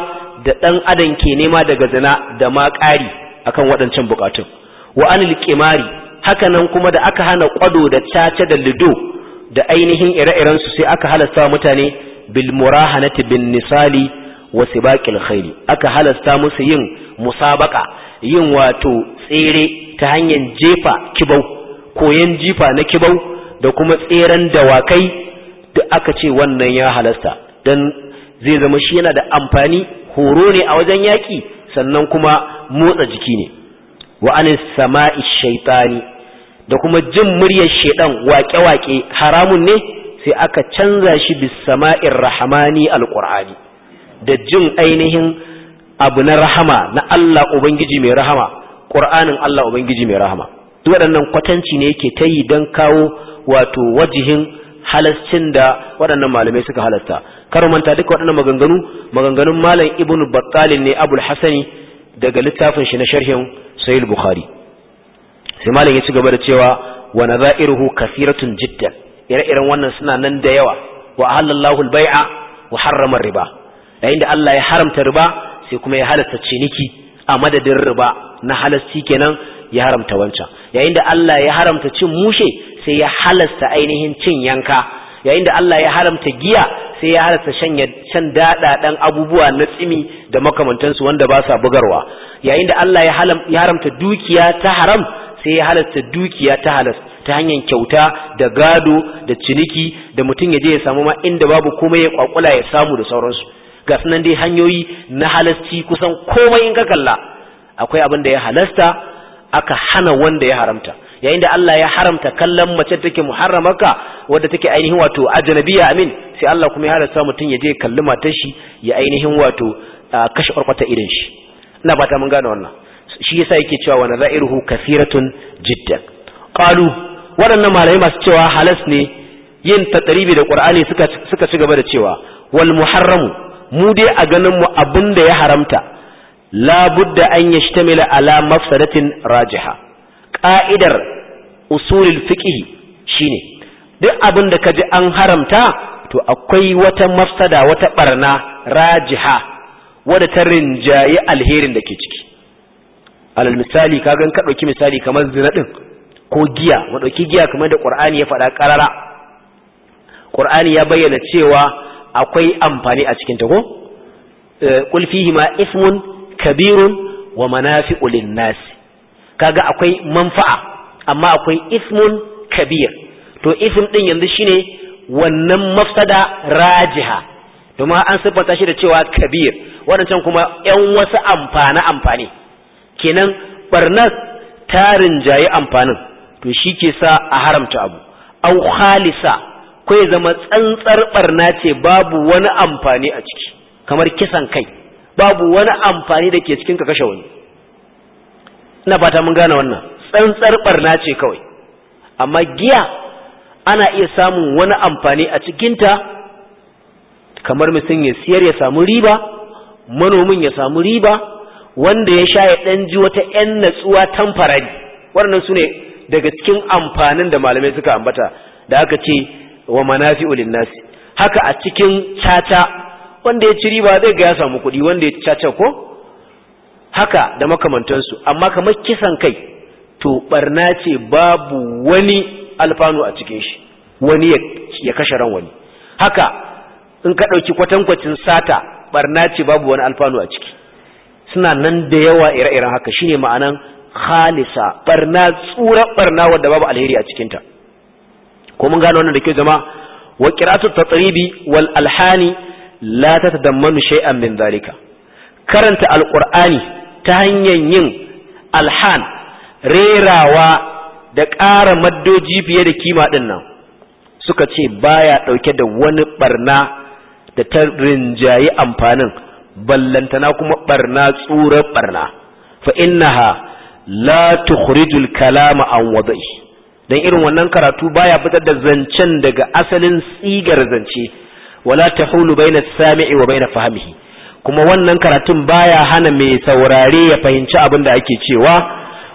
da dan adam ke nema daga zina da ma ƙari akan waɗancan bukatun wa anil qimari haka nan kuma da aka hana kwado da caca da lido da ainihin ire iren su sai aka halasta mutane bil murahanati bin nisali wa sibaqil khayli aka halasta musu yin musabaka yin wato tsere ta hanyar jefa kibau koyan jifa na kibau da kuma tseren dawakai da aka ce wannan ya halasta dan zai zama shi yana da amfani horo ne a wajen yaki sannan kuma motsa jiki ne wa anis sama'i shaytani da kuma jin muryar shedan wake-wake haramun ne sai aka canza shi bis sama'ir rahamani alqur'ani da jin ainihin abu na rahama na Allah ubangiji mai rahama qur'anin Allah ubangiji mai rahama duk waɗannan kwatanci ne yake ta yi don kawo wato wajihin halascin da waɗannan malamai suka halasta karo manta duka waɗannan maganganu maganganun malam ibn battalin ne abul hasani daga littafin shi na sharhin sahih bukhari sai malam ya ci gaba da cewa wa nadha'iruhu kasiratun jiddan ire-iren wannan suna nan da yawa wa halallahu al-bai'a wa harrama riba yayin da Allah ya haramta riba sai kuma ya halasta ciniki a madadin riba na halasti kenan ya haramta wancan yayin da Allah ya haramta cin mushe sai ya halasta ainihin cin yanka yayin da Allah ya haramta giya sai ya halasta shanya can daɗaɗen abubuwa na tsimi da makamantansu wanda ba sa bugarwa yayin da Allah ya haramta dukiya ta haram sai ya halasta dukiya ta halasta. ta hanyar kyauta da gado da ciniki da mutum ya je ya samu ma inda babu komai ya kwakula ya samu da sauransu ga sunan dai hanyoyi na halasci kusan komai in ka kalla akwai abin da ya halasta aka hana wanda ya haramta yayin da Allah ya haramta kallon mace take muharramaka wadda take ainihin wato ajnabiya amin sai Allah kuma ya halasta mutum ya je kalli matar shi ya ainihin wato kashe kwarkwata irin shi ina fata mun gane wannan shi yasa yake cewa wa ruhu kathiratun jiddan qalu waɗannan malamai masu cewa halas ne yin tattaribi da ƙur'ani suka ci gaba da cewa wal muharramu mu dai a ganin mu abin da ya haramta labudda an yashtamila ala mafsadatin rajiha ƙa'idar usulul fiqh shine duk abin da kaji an haramta to akwai wata mafsada wata barna rajiha wadda ta rinjaye alherin da ke ciki alal misali kagan ka ɗauki misali kamar zina ɗin ko giya mu dauki giya kamar da Qur'ani ya faɗa karara Qur'ani ya bayyana cewa akwai amfani a cikin ta ko eh, qul fihi ma ismun kabirun wa manafi'u lin kaga akwai manfa'a amma akwai ismun kabir to ism din yanzu shine wannan mafsada rajiha domin an siffanta shi da cewa kabir waɗancan kuma ‘yan wasu amfani amfani kenan barnas tarin jayi amfanin to shi ke sa a haramta abu au khalisa ko zama tsantsar barna ce babu wani amfani a ciki kamar kisan kai babu wani amfani da ke cikin ka kashe wani ina fata mun gane wannan tsantsar barna ce kawai amma giya ana iya samun wani amfani a cikinta kamar mutum ya siyar ya samu riba manomin ya samu riba wanda ya sha ya ɗan ji wata ‘yan natsuwa tamfarari waɗannan su ne daga cikin amfanin da malamai suka ambata da aka ce wa ulin ulinnasi haka a cikin caca wanda ya ci riba zai ga ya samu kuɗi wanda ya caca ko haka da makamantansu amma kamar kisan kai to barna ce babu wani alfanu a cikin shi wani ya kashe ran wani haka in ka ɗauki kwatankwacin sata barna ce babu wani alfanu a ciki suna nan da yawa ire-iren haka shine ma'anan khalisa barna tsura barna wadda babu alheri a cikinta ko mun gano wannan da ke zama wa qiratu tatribi wal alhani la tatadammanu shay'an min zalika karanta alqur'ani ta hanyar yin alhan rerawa da ƙara maddoji fiye da kima din nan suka ce baya dauke da wani barna da ta rinjayi amfanin ballantana kuma barna tsura barna fa innaha la tukhrijul kalama an wadai dan irin wannan karatu baya fitar da zancen daga asalin tsigar zance wala tahulu baina sami'i wa baina fahmihi kuma wannan karatun baya hana mai saurare ya fahimci abin da ake cewa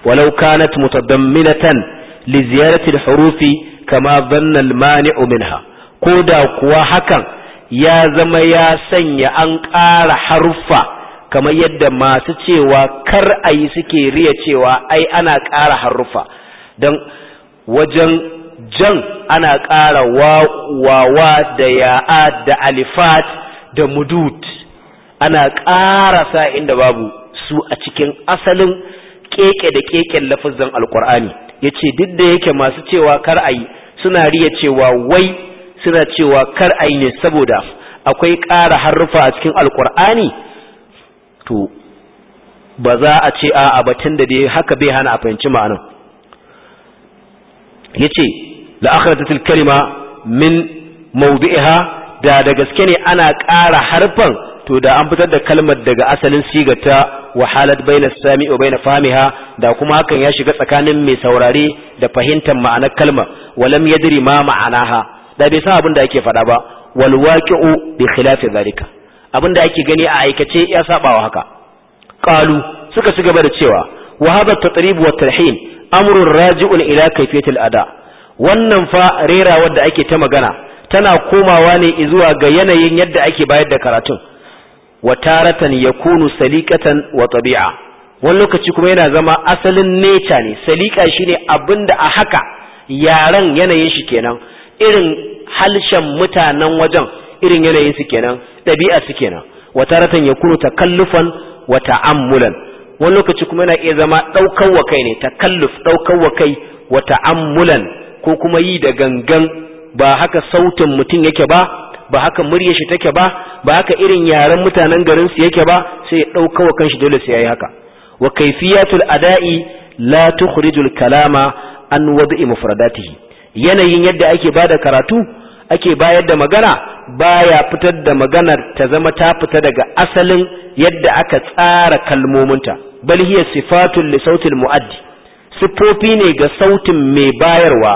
walau kanat mutadamminatan li ziyarati al-hurufi kama dhanna al-mani'u minha ko da kuwa hakan ya zama ya sanya an ƙara haruffa kamar yadda masu cewa kar a yi suke riya cewa ai ana ƙara haruffa don wajen jan ana ƙara wawa da ya'a da alifat da mudut ana ƙara sa inda babu su a cikin asalin keke da keken lafazin alkur'ani ya ce duk da yake masu cewa kar a yi suna riya cewa wai suna cewa kar a yi ne saboda akwai ƙara harrufa a cikin alkur'ani to ba za a ce a ba tun da dai haka bai hana a fahimci ce yace la akhrajatil kalima min mawdi'iha da da gaske ne ana ƙara harfan to da an fitar da kalmar daga asalin sigata bai na sami na baina famiha da kuma hakan ya shiga tsakanin mai saurari da fahimtar ma'anar kalmar walam yadiri ma ma'ana ha. da bai san abin da ake faɗa ba wal bi khilafi zalika abin da ake gani a aikace ya sabawa haka qalu suka ci gaba da cewa wa hada wa tarhin amrun raji'un ila kayfiyatil ada wannan fa rera wanda ake ta magana tana komawa ne zuwa ga yanayin yadda ake bayar da karatun wa taratan yakunu salikatan wa tabi'a wani lokaci kuma yana zama asalin neta ne salika shine abinda a haka yaran yanayin shi kenan irin halshen mutanen wajen irin yanayin su kenan ɗabi'a wata ratan ya taratan yakunu takallufan wata ammulan wani lokaci kuma yana iya zama ɗaukan wa kai ne takalluf ɗaukar wa kai wa ta'ammulan ko kuma yi da gangan ba haka sautin mutum yake ba ba haka murya shi take ba ba haka irin yaren mutanen garin su yake ba sai ɗauka wa kanshi dole sai yayi haka wa kaifiyatul ada'i la tukhrijul kalama an wad'i mufradatihi yanayin yadda ake bada karatu ake bayar da magana baya fitar da maganar ta zama ta fita daga asalin yadda aka tsara kalmominta bal hiya sifatun li sautil muaddi sifofi ne ga sautin mai bayarwa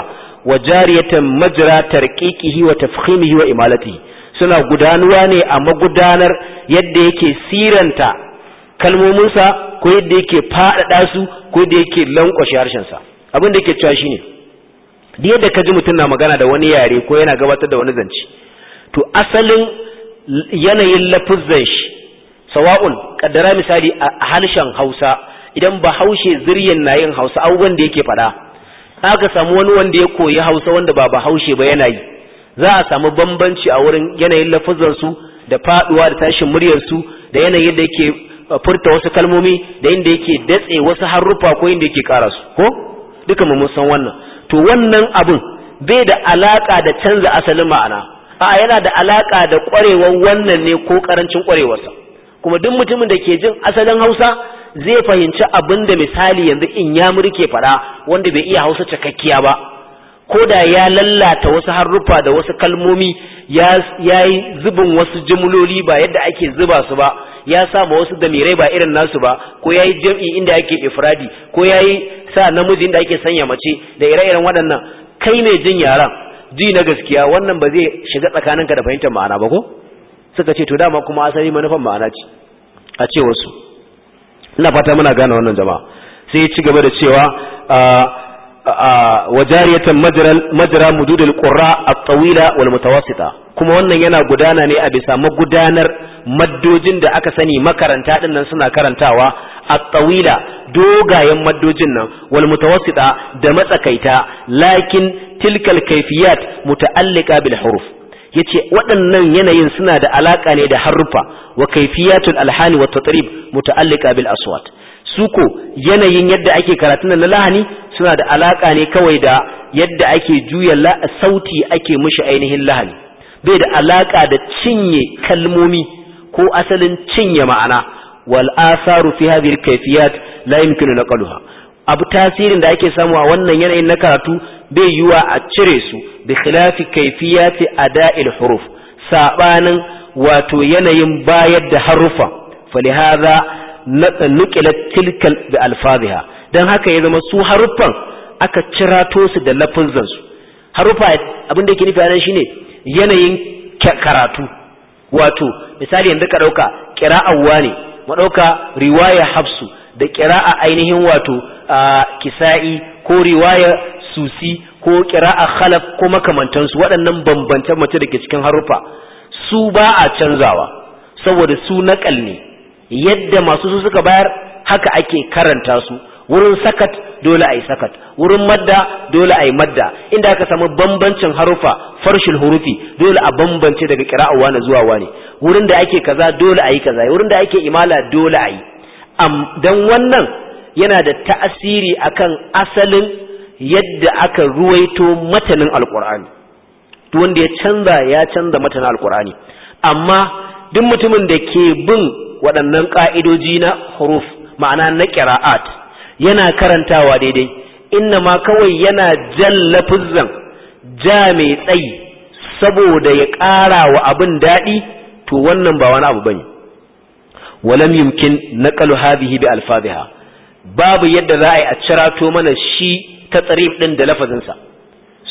wa jariyatan majra tarqiqihi wa tafkhimihi wa imalatihi suna gudanuwa ne a magudanar yadda yake siranta kalmominsa ko yadda yake faɗaɗa su ko yadda yake lankwashe harshensa abin da yake cewa shine da yadda ka ji mutum na magana da wani yare ko yana gabatar da wani zance to asalin yanayin lafuzzan shi sawa'ul kaddara misali a harshen Hausa idan ba haushe zuriyar na yin Hausa abubuwan da yake faɗa aka samu wani wanda ya koyi Hausa wanda ba ba haushe ba yana yi za a samu bambanci a wurin yanayin lafuzzan su da faduwa da tashin muryar su da yanayin da yake uh, furta wasu kalmomi da inda yake datse wasu haruffa ko inda yake kara su ko duka mu san wannan to wannan abun bai da alaka da canza asalin ma'ana a yana da alaka da kwarewar wannan ne ko karancin kwarewarsa kuma duk mutumin da ke jin asalin hausa zai fahimci abin da misali yanzu in ya murke faɗa wanda bai iya hausa cikakkiya ba ko da ya lallata wasu haruffa da wasu kalmomi ya yi zubin wasu jimloli ba yadda ake zuba su ba ya sa ma wasu damirai ba irin nasu ba ko ya yi jam'i inda ake ifradi ko ya yi sa namiji inda ake sanya mace da ire-iren waɗannan kai mai jin yaran ji na gaskiya wannan ba zai shiga tsakaninka da fahimtar ma'ana ba ko suka ce to dama kuma asali manufan ma'ana ce a ce wasu ina fata muna gane wannan jama'a sai ya ci gaba da cewa wa jariyatan majra mududul qurra at-tawila wal mutawassita kuma wannan yana gudana ne a bisa magudanar maddojin da aka sani makaranta din nan suna karantawa at-tawila dogayen maddojin nan wal mutawassita da matsakaita lakin tilkal kaifiyat muta'alliqa bil huruf yace waɗannan yanayin suna da alaƙa ne da haruffa wa kaifiyatul alhani wa tatrib muta'alliqa bil aswat suko yanayin yadda ake karatun na lahani suna da alaƙa ne kawai da yadda ake juya sauti ake mishi ainihin lahani bai da alaƙa da cinye kalmomi ko asalin cinye ma'ana wal asaru fi hadhihi al kayfiyat la yumkinu naqluha abu tasirin da ake samu a wannan yanayin na karatu bai yiwa a cire su bi khilafi kayfiyati ada'il huruf sabanin wato yanayin bayar da harufa falihaza nukila tilkal bi alfaziha dan haka ya zama su haruffan aka cira to su da lafazansu su harufa abin da yake nufi anan shine yanayin karatu wato misali yanzu ka dauka qira'awa ne mu riwaya hafsu da qira'a ainihin wato kisa'i ko riwaya susi ko kira'a khalaf ko makamantansu waɗannan bambance mace da ke cikin harufa su ba a canzawa saboda su naƙal ne yadda masu su suka bayar haka ake karanta su wurin sakat dole a yi sakat wurin madda dole a yi madda inda aka samu bambancin harufa farshil hurufi dole a bambance daga kira'a wani zuwa wani wurin da ake kaza dole a yi kaza wurin da ake imala dole a yi dan wannan yana da ta'asiri akan asalin yadda aka ruwaito matanin alkur'ani duk wanda ya canza ya canza matanin alkur'ani amma duk mutumin da ke bin waɗannan ƙa'idoji na huruf ma'ana na ƙira'at yana karantawa daidai inna ma kawai yana jallafizan ja mai tsayi saboda ya ƙara wa abin daɗi to wannan ba wani abu bane walam yumkin naqalu hadhihi bi babu yadda za a yi a cirato mana shi ta tsarif ɗin da lafazinsa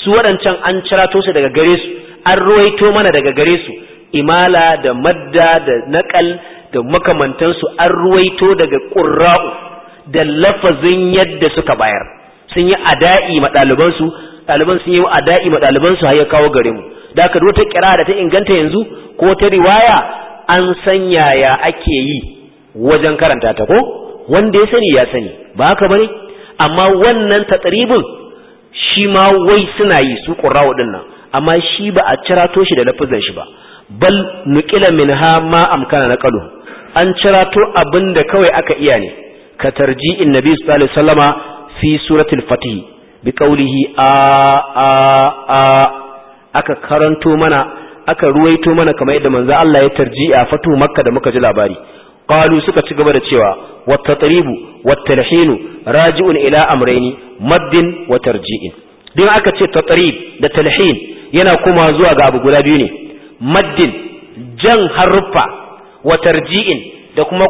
su waɗancan an cirato su daga gare su an ruwaito mana daga gare su imala da madda da naƙal da makamantansu an ruwaito daga ƙurra'u da lafazin yadda suka bayar sun yi ada'i ma ɗalibansu ɗaliban sun yi ada'i ma ɗalibansu har ya kawo gare mu da ka duwata kira da ta inganta yanzu ko ta riwaya an sanya ya ake yi wajen karanta ta ko wanda ya sani ya sani ba haka bane amma wannan tatribin shi ma wai suna yi su qurra'u dinnan amma shi ba a cirato shi da lafazin shi ba bal nuqila minha ma amkana naqalu an cirato abinda kawai aka iya ne ka tarji'in nabi sallallahu alaihi wasallama fi suratul fatih bi qawlihi a a a aka karanto mana aka ruwaito mana kamar yadda manzo Allah ya a fatu makka da muka ji labari qalu suka ci gaba da cewa wat tatribu talhinu raji'un ila amrayni maddin wa tarji'in din aka ce tatrib da talhin yana kuma zuwa ga abu guda biyu ne maddin jan haruffa wa tarji'in da kuma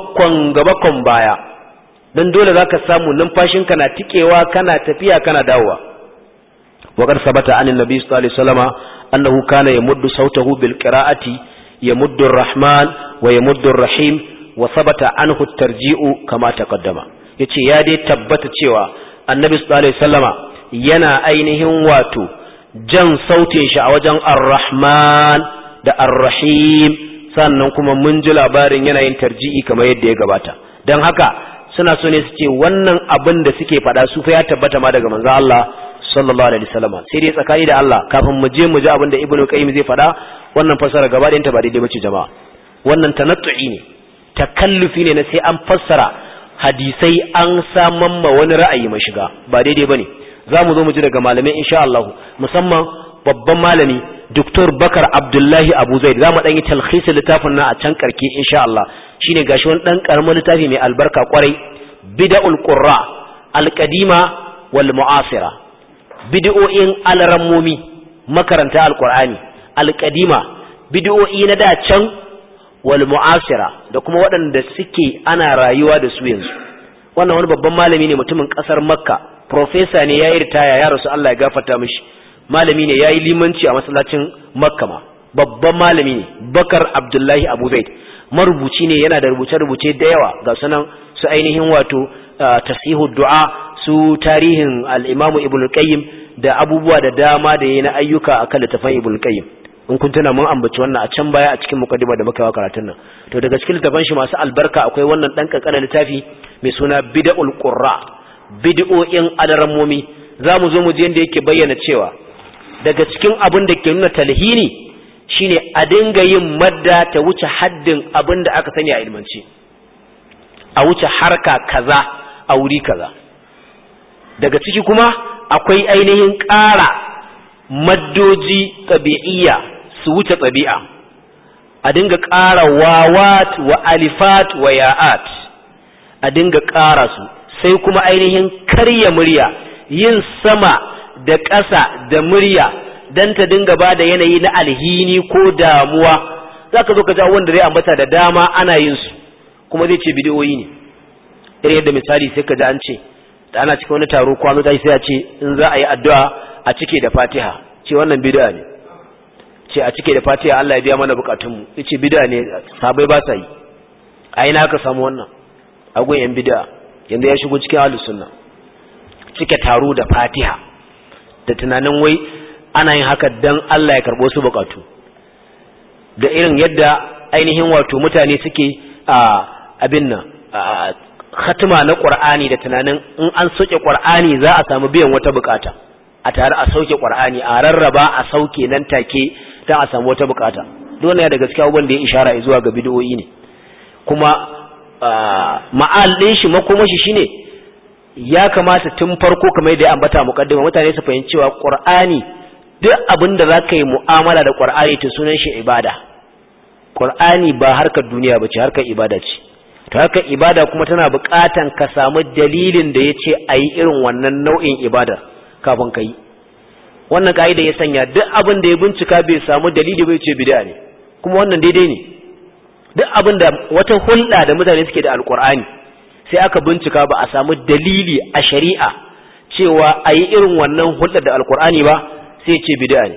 gaba kon baya dan dole zaka samu numfashin na tikewa kana tafiya kana dawowa وقد ثبت عن النبي صلى الله عليه وسلم أنه كان يمد صوته rahman wa الرحمن ويمد rahim. wa sabata anhu tarji'u kama taqaddama yace ya dai tabbata cewa annabi sallallahu alaihi wasallama yana ainihin wato jan sautin shi a wajen arrahman da arrahim sannan kuma mun ji labarin yanayin yin tarji'i kamar yadda ya gabata dan haka suna so ne su ce wannan abin da suke faɗa su fa ya tabbata ma daga manzo Allah sallallahu alaihi wasallama sai dai tsakani da Allah kafin mu je mu ji abin da ibnu qayyim zai faɗa wannan fasara gaba ta ba daidai bace jama'a wannan tanattu'i ne takallufi ne na sai an fassara hadisai an saman ma wani ra'ayi mai shiga ba daidai ne za mu zo mu ji daga malamai insha Allah musamman babban malami Dr. Bakar Abdullahi Abu Zaid za mu ɗan yi talhisa littafin nan a can karke insha Allah shine gashi wani ɗan karamin littafi mai albarka kwarai bidaul qurra al-qadima wal mu'asira bidi'o'in alrammomi makaranta alqur'ani al-qadima na da can wal mu'asira da kuma waɗanda suke ana rayuwa da su yanzu wannan wani babban malami ne mutumin ƙasar makka profesa ne ya yi ritaya ya rasu Allah ya gafarta mishi malami ne ya yi limanci a masallacin makka ma babban malami ne bakar abdullahi abu zaid marubuci ne yana da rubuce-rubuce da yawa ga sunan su ainihin wato tasihu du'a su tarihin al'imamu ibnu qayyim da abubuwa da dama da yana na ayyuka akan littafin ibnu qayyim in kun tana mun ambaci wannan a can baya a cikin mukaddima da muka yi karatun nan to daga cikin littafan shi masu albarka akwai wannan dan kankanin littafi mai suna bid'ul qurra bid'o'in alarammomi zamu zo mu je inda yake bayyana cewa daga cikin abin da ke nuna talhini shine a dinga yin madda ta wuce haddin abin da aka sani a ilmanci a wuce harka kaza a wuri kaza daga ciki kuma akwai ainihin ƙara maddoji tabi'iyya su wuce tsabi'a a dinga ƙara wawat wa alifat wa ya'at a dinga ƙara su sai kuma ainihin karya murya yin sama da ƙasa da murya don ta dinga ba da yanayi na alhini ko damuwa za ka zo ka ja wanda zai ambata da dama ana yin su kuma zai ce bidiyoyi ne irin yadda misali sai ka ji an ce da ana cikin wani taro kwano ta sai a ce in za a yi addu'a a cike da fatiha ce wannan bidiyo ne ce a cike da fatiha Allah ya biya mana bukatunmu ya ce bida ne sabai ba sa yi a ina aka samu wannan agun yan bida yanzu ya shigo cikin ahlus sunna cike taro da fatiha da tunanin wai ana yin haka dan Allah ya karbo su bukatu da irin yadda ainihin wato mutane suke a abin nan khatima na ƙwar'ani da tunanin in an soke ƙwar'ani za a samu biyan wata bukata a tare a sauke ƙwar'ani a rarraba a sauke nan take za a samu wata bukata duk ya daga cikin abubuwan da ya ishara zuwa ga bidiyoyi ne kuma ah, ma'al din shi makomashi shine ya kamata tun farko kamar yadda ya ambata muqaddima mutane su fahimci cewa qur'ani duk abin da zaka yi mu'amala da qur'ani to sunan shi ibada Ƙur'ani ba harkar duniya bace harkar ibada ce to harkar ibada kuma tana buƙatan ka samu dalilin da ya yace ayi irin wannan nau'in ibada kafin ka yi wannan ka'ida ya sanya duk abin da ya bincika bai samu dalili bai ce bid'a ne kuma wannan daidai ne duk abin da wata hulɗa da mutane suke da alkur'ani sai aka bincika ba a samu dalili a shari'a cewa a yi irin wannan hulɗar da alkur'ani ba sai ce bid'a ne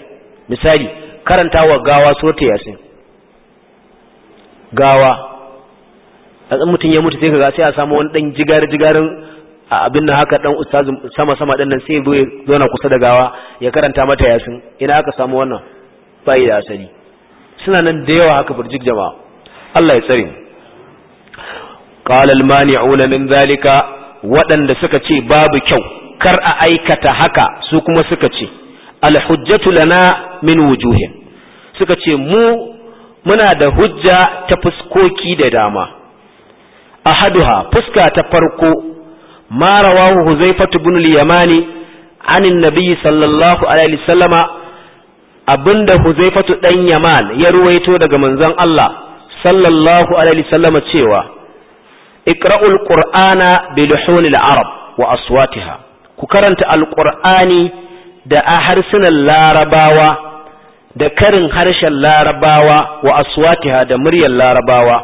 misali karanta wa gawa ya yasi gawa a mutum ya mutu sai ka ga sai a samu wani ɗan jigar-jigarin a abin nan haka dan ustazin sama sama din nan sai ya zauna kusa da gawa ya karanta mata yasin ina aka samu wannan bai da asali suna nan da yawa haka burjik jama'a Allah ya tsare qala al-mani'una min zalika waɗanda suka ce babu kyau kar a aikata haka su kuma suka ce al-hujjatu lana min wujuhin suka ce mu muna da hujja ta fuskoki da dama ahaduha fuska ta farko ma huzaifatu ibn al-yamani anin nabiyyi sallallahu alaihi wasallama abinda huzaifatu ɗan yaman ya ruwaito daga manzon Allah sallallahu alaihi wasallama cewa iqra'ul qur'ana bi luhunil arab wa aswatiha ku karanta alqur'ani da a harsunan larabawa da karin harshen larabawa wa aswatiha da muryar larabawa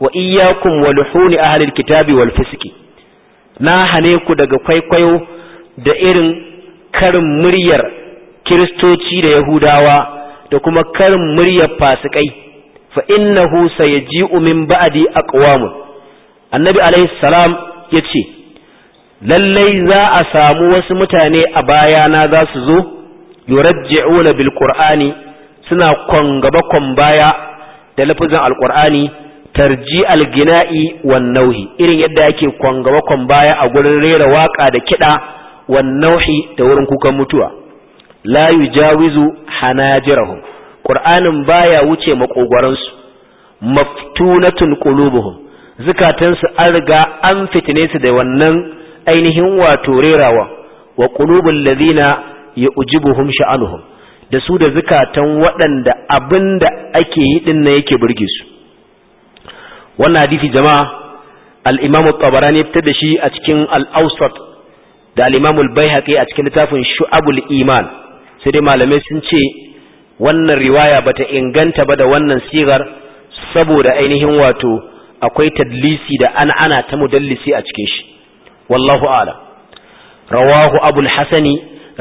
wa iyyakum wa luhuni ahlil kitabi wal fisqi na hane ku daga kwaikwayo da irin karin muryar kiristoci da yahudawa da kuma karin muryar fasikai fa innahu sayaji'u min ba'di aqwam annabi alaihi salam yace lallai za a samu wasu mutane a baya na za su zo yurajji'una bil qur'ani suna kon gaba baya da lafazin alqur'ani tarji algina'i wan nauhi irin yadda yake kwangaba kwan baya a gurin rera waka da kida wan nauhi da wurin kukan mutuwa la yujawizu hanajirahum qur'anin baya wuce su maftunatun qulubuhum su an riga an fitine su da wannan ainihin wato rerawa wa qulubul ladina yu'jibuhum sha'anuhum da su da zukatan waɗanda abinda ake yi din yake burge su wannan hadisi jama'a al-imam at-tabarani da shi a cikin al-awsat da al-imam al-baihaqi a cikin littafin shu'abul iman sai dai malamai sun ce wannan riwaya bata inganta ba da wannan sigar saboda ainihin wato akwai tadlisi da an'ana ta mudallisi a cikin shi wallahu a'lam rawahu abul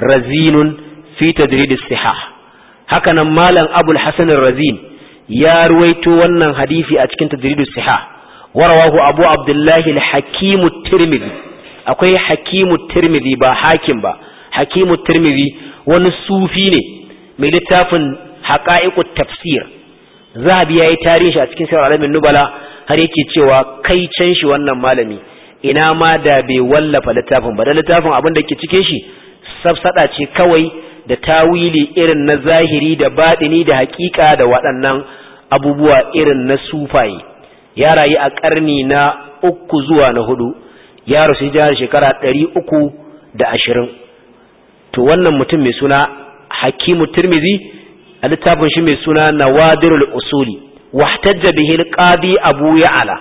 razinun fi tadrid as-sihah hakanan malam abul hasan razin ya ruwaito wannan hadisi a cikin tadridus siha warawahu abu abdullahi al-hakimu tirmidhi akwai hakimu tirmidhi ba hakim ba hakimu tirmidhi wani sufi ne mai littafin haqa'iqut tafsir zabi yayi tarihi shi a cikin sirr alamin nubala har yake cewa kai can shi wannan malami ina ma da bai wallafa littafin ba da littafin abin da ke cike shi sabsada ce kawai da tawili irin na zahiri da baɗini da haƙiƙa da waɗannan abubuwa irin na sufaye ya rayu a ƙarni na uku zuwa na hudu ya rasu jihar shekara ɗari uku da ashirin to wannan mutum mai suna hakimu turmizi a littafin shi mai suna wadirul usuli wahtajja bihi alqadi abu ya'ala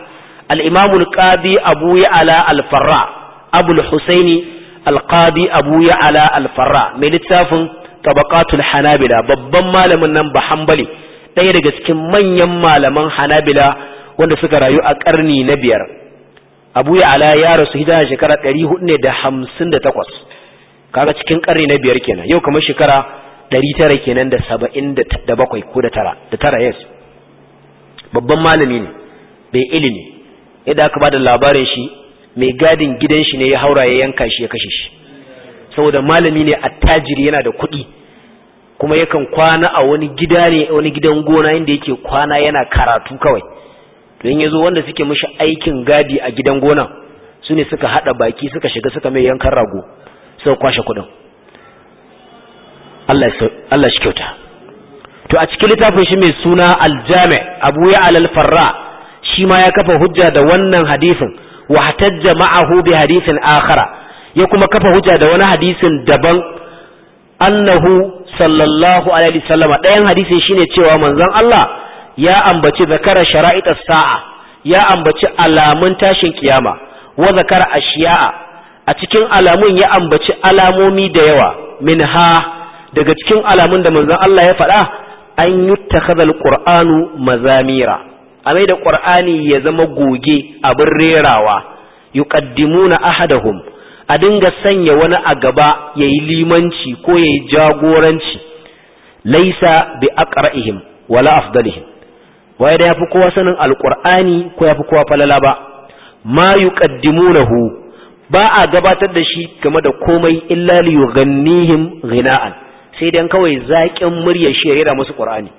al-imam al-qadi abu ya'ala al-farra abul husaini alqadi abu Ala alfarra mai littafin tabaqatul hanabila babban malamin nan ba ɗaya daga cikin manyan malaman hanabila wanda suka rayu a ƙarni na biyar abu Ala ya rasu hijira shekara ɗari hudu ne da hamsin da takwas kaga cikin ƙarni na biyar kenan yau kamar shekara ɗari tara kenan da saba'in da bakwai ko da tara da tara yes babban malami ne bai ilimi yadda aka ba da labarin shi mai gadin gidan shi ne ya haura ya yanka shi ya kashe shi saboda malami ne attajiri yana da kuɗi kuma yakan kwana a wani gida ne wani gidan gona inda yake kwana yana karatu kawai to in yazo wanda suke mishi aikin gadi a gidan gona su ne suka hada baki suka shiga suka mai yankan rago suka kwashe kuɗin Allah Allah shi kyauta to a cikin littafin shi mai suna al-jami' Abu Ya'la al-Farra shi ma ya kafa hujja da wannan hadisin wa jama'a ma'ahu bi hadithin akhara ya kuma kafa hujja da wani hadisin daban annahu sallallahu alaihi wasallam ɗayan hadisin shine cewa manzon Allah ya ambaci zakara shara'ita sa'a ya ambaci alamun tashin kiyama wa zakara ashiya'a a cikin alamun ya ambaci alamomi da yawa minha daga cikin alamun da manzon Allah ya faɗa an yuttakhadha alqur'anu mazamira a mai da ƙwar'ani ya zama goge abin rerawa yuqaddimuna ahadahum a dinga sanya wani a gaba yayi limanci ko yayi jagoranci laisa bi aqra'ihim wala afdalihim wa da yafi kowa sanin alqur'ani ko yafi kowa falala ba ma yuqaddimunahu ba a gabatar da shi game da komai illa li yughannihim ghina'an sai dan kawai zaƙin muryar shi ya rera musu qur'ani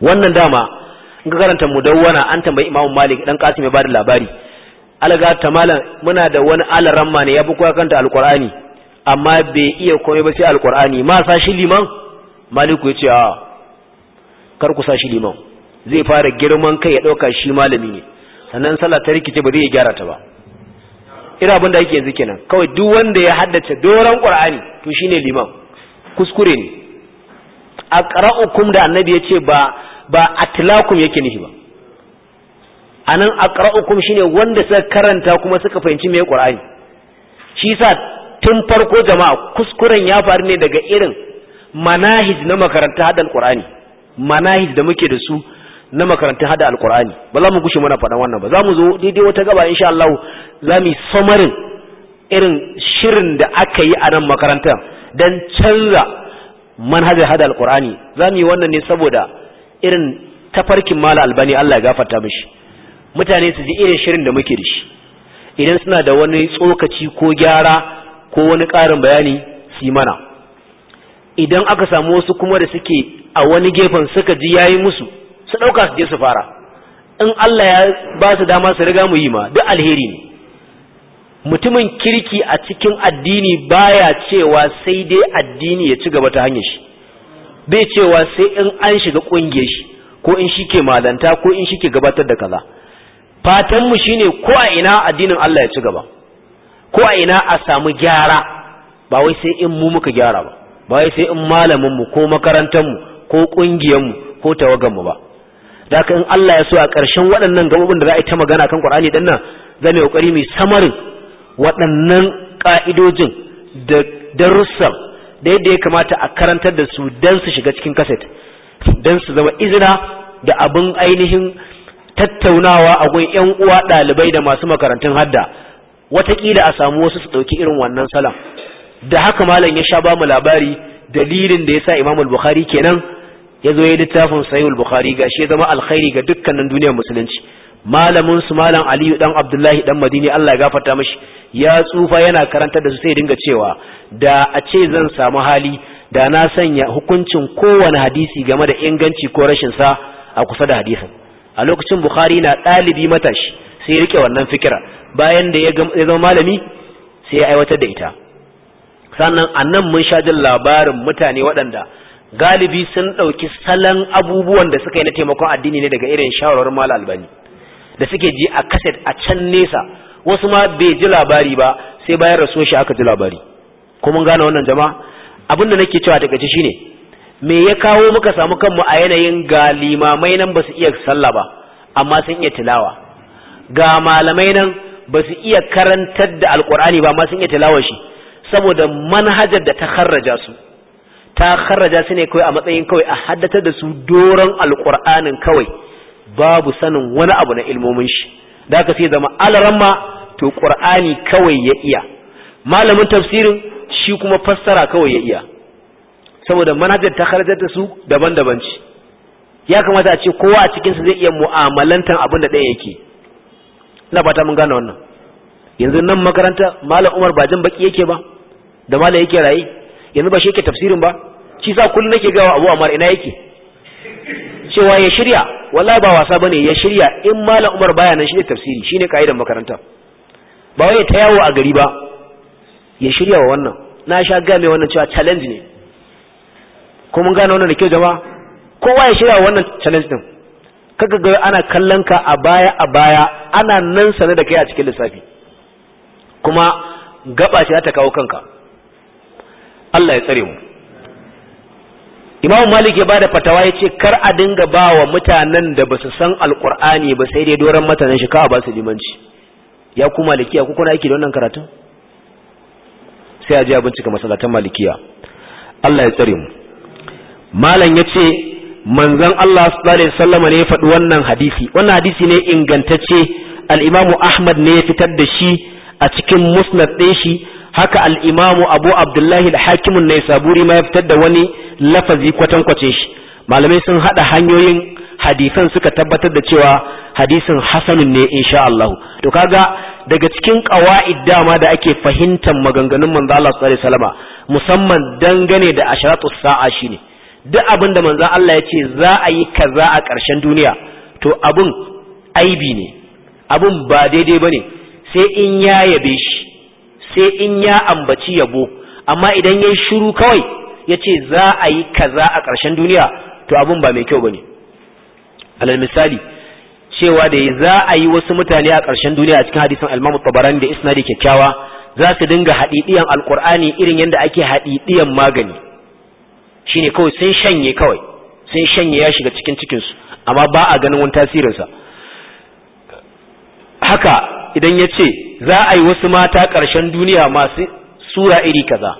wannan dama in ka karanta mudawwana an tambayi imamu Malik dan kasim ya bada labari alaga ta malam muna da wani ma ne ya bi koya kanta alqur'ani amma bai iya komai ba sai alqur'ani ma sa shi liman Maliku ya ce a kar ku sa shi liman zai fara girman kai ya ɗauka shi malami ne sannan sallah ta rikice ba zai gyara ta ba ina abin da yake yanzu kenan kawai duk wanda ya haddace doron qur'ani to shine liman kuskure ne aqra'ukum da annabi yace ba ba tilakum yake nishi ba anan aqra'ukum shine wanda suka karanta kuma suka fahimci mai Qur'ani shi sa tun farko jama'a kuskuren ya faru ne daga irin manahij na makaranta hadal Qur'ani manahij da muke da su na makaranta hada alqur'ani ba za mu gushe mana faɗan wannan ba za mu zo daidai wata gaba insha Allah za mu samarin irin shirin da aka yi a nan makaranta dan canza manhajar hada alqur'ani za mu yi wannan ne saboda irin tafarkin mala albani Allah ya gafarta mishi mutane su ji irin shirin da muke da shi idan suna da wani tsokaci ko gyara ko wani ƙarin bayani su mana idan aka samu wasu kuma da suke a wani gefen suka ji yayi musu su ɗauka su je su fara in Allah ya ba su dama su riga mu yi ma duk alheri ne mutumin kirki a cikin addini baya cewa sai dai addini ya ci gaba ta hanyar shi bai cewa sai in an shiga ƙungiyar shi ko in shi ke malanta ko in shi ke gabatar da kaza fatanmu shine ko a ina addinin Allah ya ci gaba ko a ina a samu gyara ba wai sai in mu muka gyara ba ba wai sai in malaminmu ko mu ko mu ko tawagan mu ba da in Allah ya so a ƙarshen waɗannan gabobin da za a yi ta magana kan Qur'ani dan nan zan yi kokari mai samarin waɗannan ƙa'idojin da darussan da yadda ya kamata a karantar da su don su shiga cikin kaset don su zama izina da abin ainihin tattaunawa a gun yan uwa ɗalibai da masu makarantun hadda watakila a samu wasu su ɗauki irin wannan salam da haka malam ya sha ba mu labari dalilin da ya sa imamul bukhari kenan ya zo ya littafin al bukhari gashi ya zama alkhairi ga dukkanin duniyar musulunci malamin su malam aliyu dan abdullahi dan madini Allah ya gafarta mashi ya tsufa yana karanta da su sai dinga cewa da a ce zan samu hali da na sanya hukuncin kowane hadisi game da inganci ko rashin sa a kusa da hadisin a lokacin bukhari na ɗalibi matashi sai rike wannan fikira bayan da ya zama malami sai ya aiwatar da ita sannan a nan mun sha jin labarin mutane waɗanda galibi sun ɗauki salon abubuwan da suka yi na taimakon addini ne daga irin shawarar mal albani da suke ji a kaset a can nesa wasu ma bai ji labari ba sai bayan rasuwar shi aka ji labari ko mun gane wannan jama'a abin da nake cewa daga shine me ya kawo muka samu kanmu a yanayin ga limamai nan ba su iya sallah ba amma sun iya tilawa ga malamai nan ba su iya karantar da alkur'ani ba amma sun iya tilawa shi saboda manhajar da ta kharraja su ta kharraja su ne kawai a matsayin kawai a haddatar da su doron alkur'anin kawai babu sanin wani abu na ilmomin shi da aka sai zama alaramma to qur'ani kawai ya iya malamin tafsirin shi kuma fassara kawai ya iya saboda manhajar ta kharajar da su daban-daban ce ya kamata a ce kowa a cikin su zai iya mu'amalantan abin da ɗaya yake ina fata mun gane wannan yanzu nan makaranta malam Umar ba jin baki yake ba da malam yake raye yanzu ba shi yake tafsirin ba shi sa kullun nake gawa Abu amma ina yake cewa ya shirya wala ba wasa bane ya shirya in malam Umar baya nan shine tafsiri shine kaidan makaranta ba wai ta yawo a gari ba ya shirya wa wannan na sha ga mai wannan cewa challenge ne ko mun gane wannan da kyau jama'a kowa ya shirya wa wannan challenge din kaga ga ana kallon ka a baya a baya ana nan sane da kai a cikin lissafi kuma gaba ce ta kawo kanka Allah ya tsare mu imamu malik ya bada fatawa ya ce kar a dinga ba wa mutanen da ba su san alkur'ani ba sai dai doron matanen shi kawai ba su limanci ya ku malikiya ku kuna aiki da wannan karatu? sai a ji bincika masalatan malikiya Allah ya tsare mu malam ya ce manzon Allah sallallahu alaihi wasallam ne ya faɗi wannan hadisi wannan hadisi ne ingantacce al Ahmad ne ya fitar da shi a cikin musnad ɗin shi haka al'imamu abu abdullahi da hakimin na saburi ma ya fitar da wani lafazi kwatankwace shi malamai sun haɗa hanyoyin hadisan suka tabbatar da cewa hadisin hasanun ne insha Allah to kaga daga cikin qawaid dama da ake fahimtar maganganun manzo Allah sallallahu alaihi wasallama musamman dangane da asharatu sa'a shine duk abin da manzo Allah ya ce za a yi kaza a ƙarshen duniya to abun aibi ne abun ba daidai bane sai in ya yabe shi sai in ya ambaci yabo amma idan yayi shiru kawai yace za a yi kaza a ƙarshen duniya to abun ba mai kyau ba ne. alal misali cewa da za a yi wasu mutane a ƙarshen duniya a cikin hadisin al-Imam Tabarani da isnadi kyakkyawa za su dinga haɗiɗiyan Alƙur'ani irin yadda ake haɗiɗiyan magani shine kawai sun shanye kawai sun shanye ya shiga cikin cikinsu su amma ba a ganin wani tasirinsa. haka idan yace za a yi wasu mata ƙarshen duniya masu sura iri kaza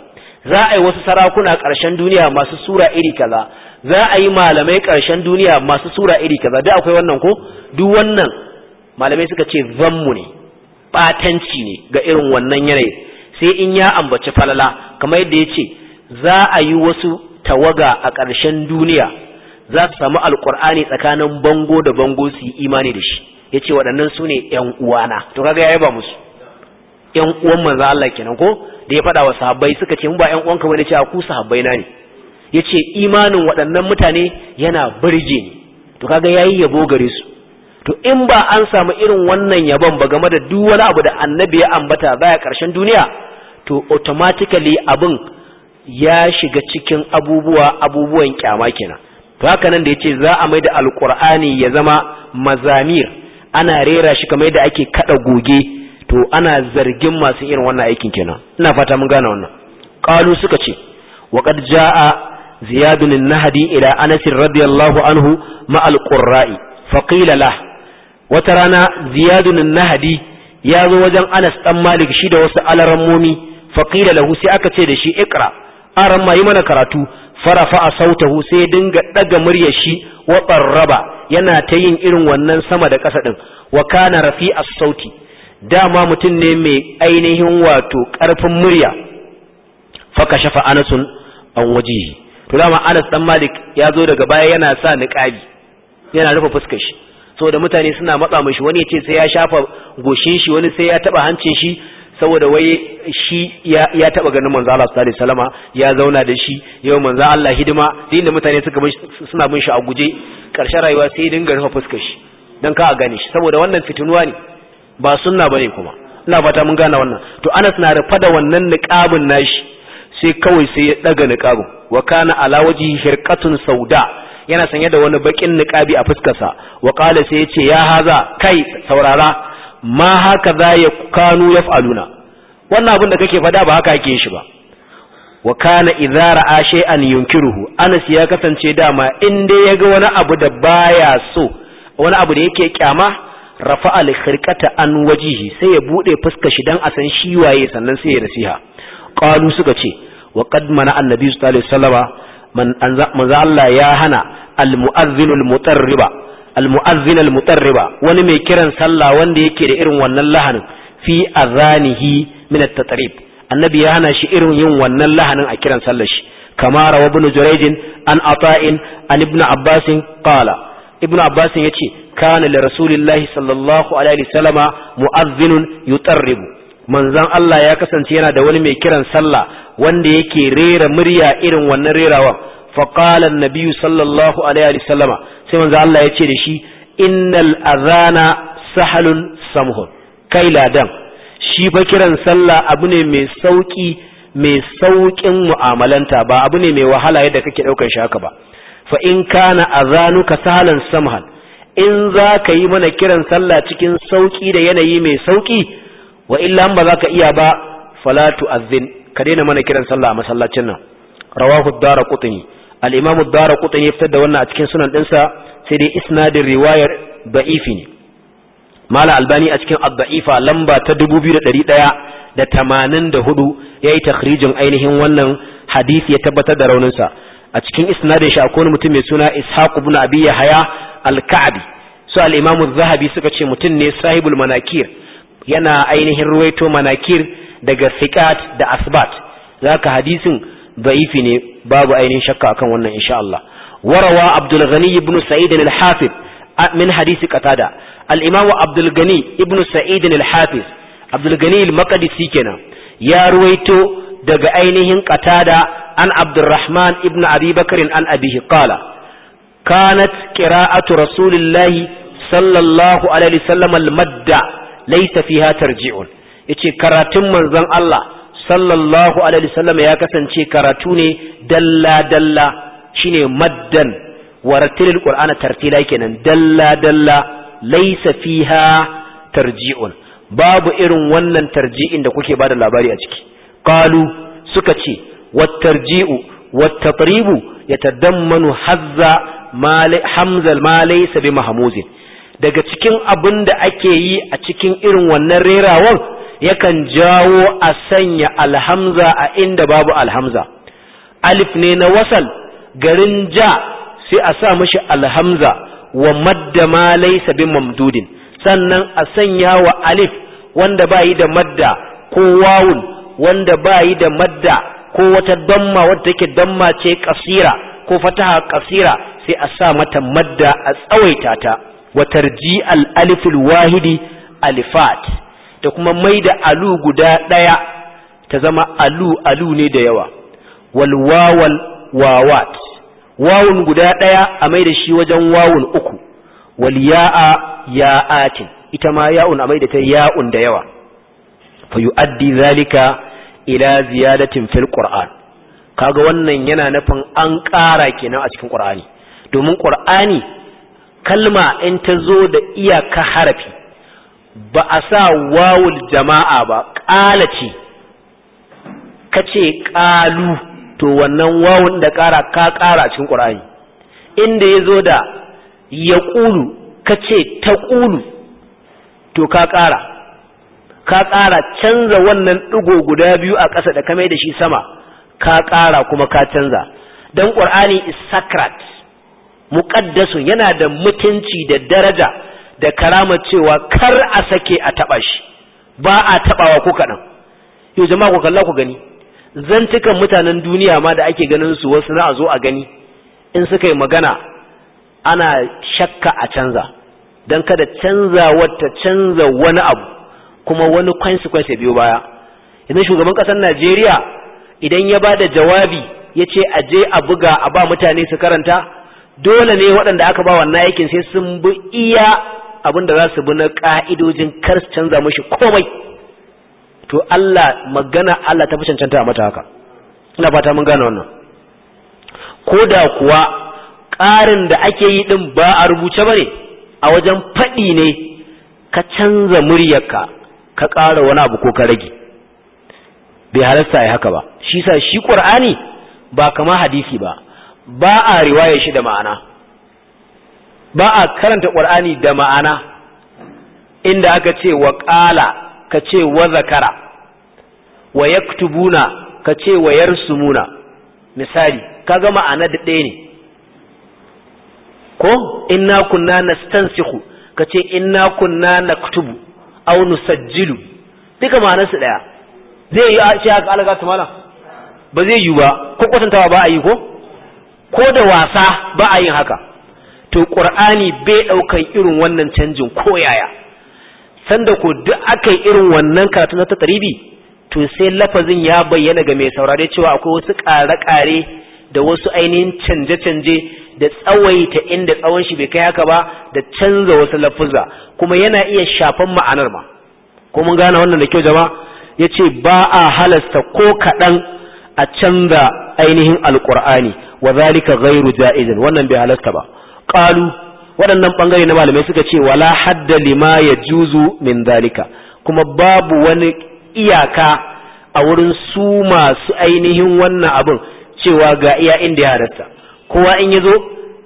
za a yi wasu sarakuna ƙarshen duniya masu sura iri kaza za a yi malamai ƙarshen duniya masu sura iri kaza da akwai wannan ko duk wannan malamai suka ce zanmu ne ɓatanci ne ga irin wannan yanayi sai in ya ambaci falala kamar yadda ya ce za a yi wasu tawaga a ƙarshen duniya za su samu alƙur'ani tsakanin bango da bango su yi imani da shi ya ce waɗannan su ne ‘yan uwana to kaga ya yaba musu yan uwan manzo Allah kenan ko da ya faɗawa wa sahabbai suka ce mun ba yan ka bane ce a ku sahabbai na ne yace imanin waɗannan mutane yana burge ni to kaga yayi yabo gare su to in ba an samu irin wannan yabon ba game da duk wani abu da annabi ya ambata baya karshen duniya to automatically abin ya shiga cikin abubuwa abubuwan kyama kenan to haka nan da yace za a maida alqur'ani ya zama mazamir ana rera shi kamar yadda ake kada goge to ana zargin masu irin wannan aikin kenan ina fata mun gane wannan qalu suka ce wa qad jaa ziyad bin nahdi ila anas radiyallahu anhu ma al qurra'i fa qila la wata rana ziyad bin nahdi ya zo wajen anas dan malik shi da wasu alarammomi fa qila lahu sai aka ce da shi iqra aran ma yi mana karatu farafa a sautahu sai dinga daga muryar shi wa raba yana ta yin irin wannan sama da ƙasa din wa kana rafi as-sauti dama mutum ne mai ainihin wato ƙarfin murya faka shafa anasun an waje. to dama anas dan malik ya zo daga baya yana sa niƙabi yana rufe fuskar shi saboda mutane suna matsa mishi wani yace sai ya shafa goshin shi wani sai ya taba hancin shi saboda wai shi ya taba ganin manzo Allah sallallahu alaihi ya zauna da shi yau manzo Allah hidima da mutane suka suna bin shi a guje karshen rayuwa sai dinga rufe fuskar shi dan ka a gane shi saboda wannan fitinuwa ne ba sunna bane kuma ina fata mun gane wannan to Anas na rufa da wannan niqabin nashi sai kawai sai ya daga niqabin wa kana ala wajhi hirqatun sauda yana sanye da wani bakin niqabi a sa wa qala sai yace ya haza kai saurara ma haka za ya kanu faluna wannan abin da kake fada ba haka yake shi ba wa kana idza ra'a shay'an yunkiruhu Anas ya kasance dama in dai yaga wani abu da baya so wani abu da yake kyama rafa alkhirqata an wajihi sai ya bude fuskar shi dan a san shi waye sannan sai ya nasiha qalu suka ce wa qad mana annabi sallallahu alaihi wasallama man manzo Allah ya hana almu'azzin almutarriba almu'azzin almutarriba wani mai kiran sallah wanda yake da irin wannan lahanin fi azanihi min at-tatrib annabi ya hana shi irin yin wannan lahanin a kiran sallar shi kama rawa ibn jurayj an ata'in an ibn abbas qala ibn abbas yace kana li rasulillahi sallallahu mu'azzinun yutarribu manzon Allah ya kasance yana da wani mai kiran sallah wanda yake rera murya irin wannan rerawan fa qala an sallallahu alaihi wasallama sai manzon Allah ya ce da shi innal adhana sahlun samhun kai ladan shi fa kiran sallah abu ne mai sauki mai saukin mu'amalanta ba abu ne mai wahala da kake daukar shaka ba fa in kana azanu ka sahlan samhan in za ka yi mana kiran sallah cikin sauƙi da yanayi mai sauƙi wa illa ba za ka iya ba falatu azin ka daina mana kiran sallah a masallacin nan rawahu dara kutuni al-imam dara kutuni ya fitar da wannan a cikin sunan ɗinsa sai dai isnadin riwayar da'ifi ne mala albani a cikin ad lamba ta da da ya yayi takhrijin ainihin wannan hadisi ya tabbatar da rauninsa a cikin isnadin shi akwai mutum mai suna ishaq ibn abi yahya al-ka'bi su al-imam az-zahabi suka ce mutum ne sahibul manakir yana ainihin ruwaito manakir daga siqat da asbat zaka hadisin da'ifi ne babu ainihin shakka akan wannan insha Allah warawa abdul ghani ibn sa'id al-hafiz min hadisi qatada al-imam abdul ghani ibn sa'id al-hafiz abdul ghani al-maqdisi kenan ya ruwaito daga ainihin qatada an abdurrahman ibn abi bakarin an abihi qala kanat qira'atu rasulillahi sallallahu alaihi wasallam al-madda laysa fiha tarji'un yace karatun manzon Allah sallallahu alaihi wasallam ya kasance karatu ne dalla dalla shine maddan waratilil qur'ana tartila kenan dalla dalla laysa fiha tarji'un babu irin wannan tarji'in da kuke bada labari a ciki Kalu suka ce والترجيء والتطريب يتضمن حظ hamzal ma laysa bi daga cikin abin da ake yi a cikin irin wannan rerawar yakan jawo a sanya alhamza a inda babu alhamza alif ne na wasal garin ja sai a sa mashi alhamza wa madda ma laysa bi mamdudin sannan a sanya wa alif wanda bayi da madda ko wawun wanda bayi da madda ko wata damma wadda take damma ce kasira ko fataha kasira sai a sa mata madda a tsawaita ta wa tarji al alifil wahidi alifat da kuma mai da alu guda daya ta zama alu alu ne da yawa wal wawat wawun guda daya a mai da shi wajen wawun uku wal ya'a ya'atin ita ma ya'un a mai da ta ya'un da yawa fa yu'addi zalika ila ziyadatin fil qur'an kaga wannan yana nufin an ƙara kenan a cikin qur'ani domin qur'ani kalma in ta zo da iyaka harafi ba a sa wawul jama'a ba ƙala ce kace ƙalu to wannan wawun da ƙara ka ƙara cikin qur'ani inda ya zo da ya yaqulu kace ƙulu to ka ƙara ka ƙara canza wannan ɗigo guda biyu a ƙasa da kamar da shi sama ka ƙara kuma ka canza don ƙur'ani is sacred muƙaddasun yana da mutunci da daraja da karama cewa kar a sake a taɓa shi ba a taɓawa ko kaɗan yau jama'a ku kalla ku gani zantukan mutanen duniya ma da ake ganin su wasu na a zo a gani in suka yi magana ana shakka a canza don kada canza wata canza wani abu kuma wani consequence ya biyo baya idan shugaban ƙasar Najeriya idan ya bada jawabi ya ce a je a buga a ba mutane su karanta dole ne waɗanda aka ba wannan aikin sai sun bi iya abinda da za su bi na ƙa'idojin kar su canza mashi komai to Allah magana Allah ta fi cancanta mata haka ina fata mun gane wannan ko da kuwa ƙarin da ake yi ɗin ba a rubuce ba a wajen faɗi ne ka canza muryarka ka ƙara wani abu ko ka rage bai halarta ya haka ba shi sa shi ƙur'ani ba kama hadisi ba ba a riwaya shi da ma'ana ba a karanta ƙur'ani da ma'ana inda aka ce wa ƙala ka ce wa zakara wa yaktubuna ka ce wa sumuna. misali kaga ma'ana da ɗaya ne ko inna kunna stansiku ka ce inna kunna naktubu aw nusajjilu duka ma'anar su daya zai yi a ce haka alaga tumala ba zai yi ba ko kwatantawa ba a yi ko ko da wasa ba a yin haka to qur'ani bai daukan irin wannan canjin ko yaya sanda ko duk akai irin wannan karatu na tataribi to sai lafazin ya bayyana ga mai saurare cewa akwai wasu ƙare-ƙare da wasu ainihin canje-canje da tsawaita inda tsawon shi bai kai haka ba da canza wasu lafuzza kuma yana iya shafan ma'anar ma ko mun gane wannan da kyau jama'a yace ba a halasta ko kaɗan a canza ainihin Alƙur'ani wa zalika ghairu ja'izin wannan bai halasta ba qalu waɗannan bangare na malamai suka ce wala hadda lima yajuzu min zalika kuma babu wani iyaka a wurin su masu ainihin wannan abin cewa ga iya inda ya halasta. kowa in ya zo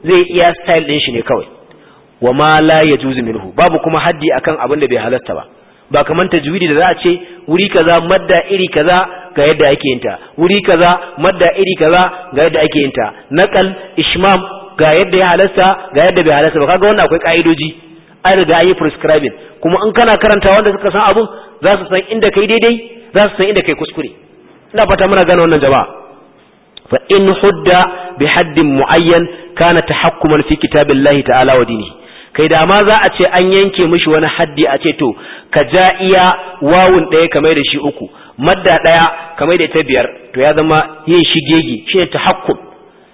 zai iya style ɗin shi ne kawai wa ma la yajuzu minhu babu kuma haddi akan abin da bai halatta ba ba kamar tajwidi da za a ce wuri kaza madda iri kaza ga yadda ake yinta wuri kaza madda iri kaza ga yadda ake yinta naqal ishmam ga yadda ya halasta ga yadda bai halasta ba kaga wannan akwai ka'idoji an riga an yi kuma in kana karanta wanda suka san abun za su san inda kai daidai za su san inda kai kuskure ina fata muna gane wannan jama'a fa in hudda bi haddin muayyan kana tahakkuman fi kitabillahi ta'ala wa kai da ma za a ce an yanke mashi wani haddi a ce to ka ja iya wawun ɗaya kamar da shi uku madda ɗaya kamar da ta biyar to ya zama yin shigegi shi ne tahakkum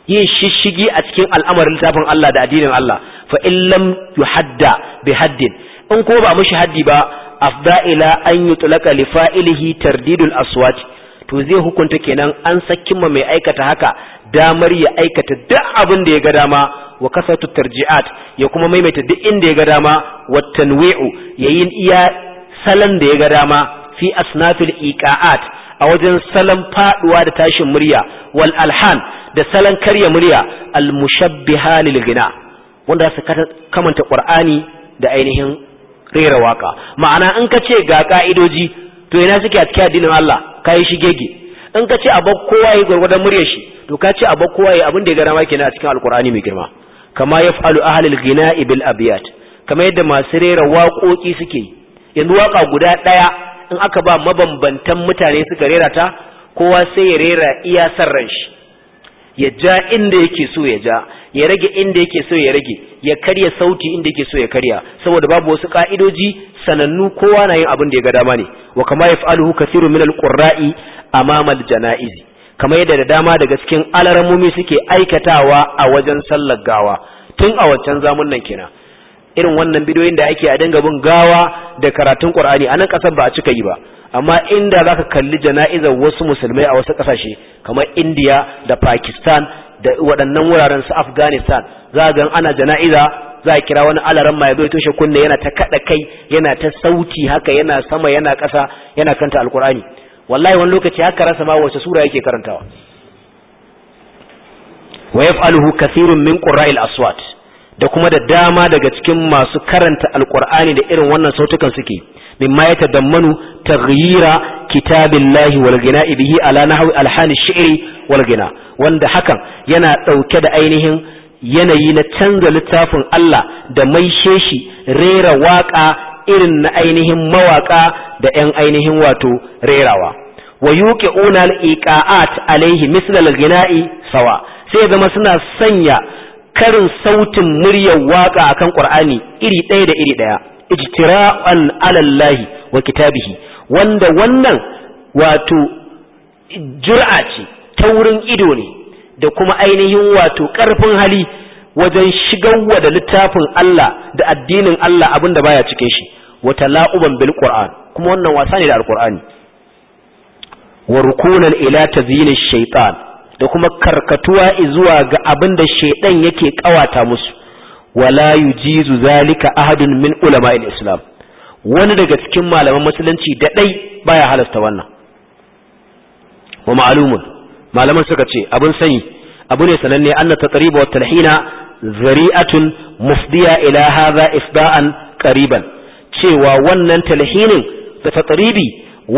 yin shishigi a cikin al'amarin littafin Allah da addinin Allah fa in lam yuhadda bi haddin in ko ba mishi haddi ba afda ila an yutlaka li fa'ilihi tardidul aswati to zai hukunta kenan an sakin ma mai aikata haka damar ya aikata duk abin da ya ga dama wa kasatu tarji'at ya kuma maimaita duk inda ya ga dama wa tanwi'u yayin iya salan da ya ga dama fi asnafil iqa'at a wajen salan faduwa da tashin murya wal alhan da salan karya murya al mushabbiha lil ghina wanda su kamanta qur'ani da ainihin rera waka ma'ana in ka ce ga ka'idoji to ina suke a cikin addinin Allah kai shi gege in ka ce a bar kowa yi gurgurdan muryar shi to ka ce a bar kowa yi abin da ya gara ma kenan a cikin alkur'ani mai girma kama ya yaf'alu ahlil ghina'i bil abiyat kama yadda masu rera waƙoƙi suke yi yanzu waƙa guda ɗaya in aka ba mabambantan mutane suka rera ta kowa sai ya rera iya san ran shi ya ja inda yake so ya ja ya rage inda yake so ya rage ya karya sauti inda yake so ya karya saboda babu wasu ka'idoji sanannu kowa na yin abin da ya ga dama ne wa kama yaf'aluhu kathirun min al-qurra'i amama al-janaiz kamar yadda da dama daga cikin alaramomi suke aikatawa a wajen sallar gawa tun a wancan zamun nan kenan irin wannan bidiyoyin da ake a dinga bin gawa da karatun qur'ani a nan kasar ba a cika yi ba amma inda za ka kalli jana'izar wasu musulmai a wasu kasashe kamar indiya da Pakistan da waɗannan wuraren su Afghanistan za ga ana jana'iza za a kira wani alaran ma ya zo toshe kunne yana ta kaɗa kai yana ta sauti haka yana sama yana ƙasa yana kanta alkur'ani wallahi wani lokaci haka rasa ma wace sura yake karantawa wa yaf'aluhu kathirun min qurra'il aswat da kuma da dama daga cikin masu karanta alkur'ani da irin wannan sautukan suke mimma ya tadammanu taghyira kitabillahi wal ghina'i bihi ala nahwi alhani shi'ri wal gina wanda hakan yana dauke da ainihin yanayi na canza littafin Allah da maishe shi rera waka irin na ainihin mawaka da yan ainihin wato rerawa wa yuqi'una al-iqa'at alayhi misl al gina'i sawa sai zama suna sanya karin sautin muryar waka akan qur'ani iri ɗaya da iri ɗaya ijtira'an alallahi wa kitabihi wanda wannan wato jur'a ce ta wurin ido ne da kuma ainihin wato ƙarfin hali wajen shigarwa da littafin Allah da addinin Allah abinda baya cike shi wata la'uban bil Qur'an kuma wannan wasa ne da Al-Qur'ani wa rukunan ila tazyinish shaytan da kuma karkatuwa zuwa ga abin da shaidan yake kawata musu wala yujizu zalika ahadun min ulama'il islam wani daga cikin malaman musulunci da dai baya halasta wannan wa ma'lumun malaman suka ce abin sani abu ne sananne anna tatriba wa talhina zari'atun mufdiya ila hadha isba'an qariban cewa wannan talhinin da tatribi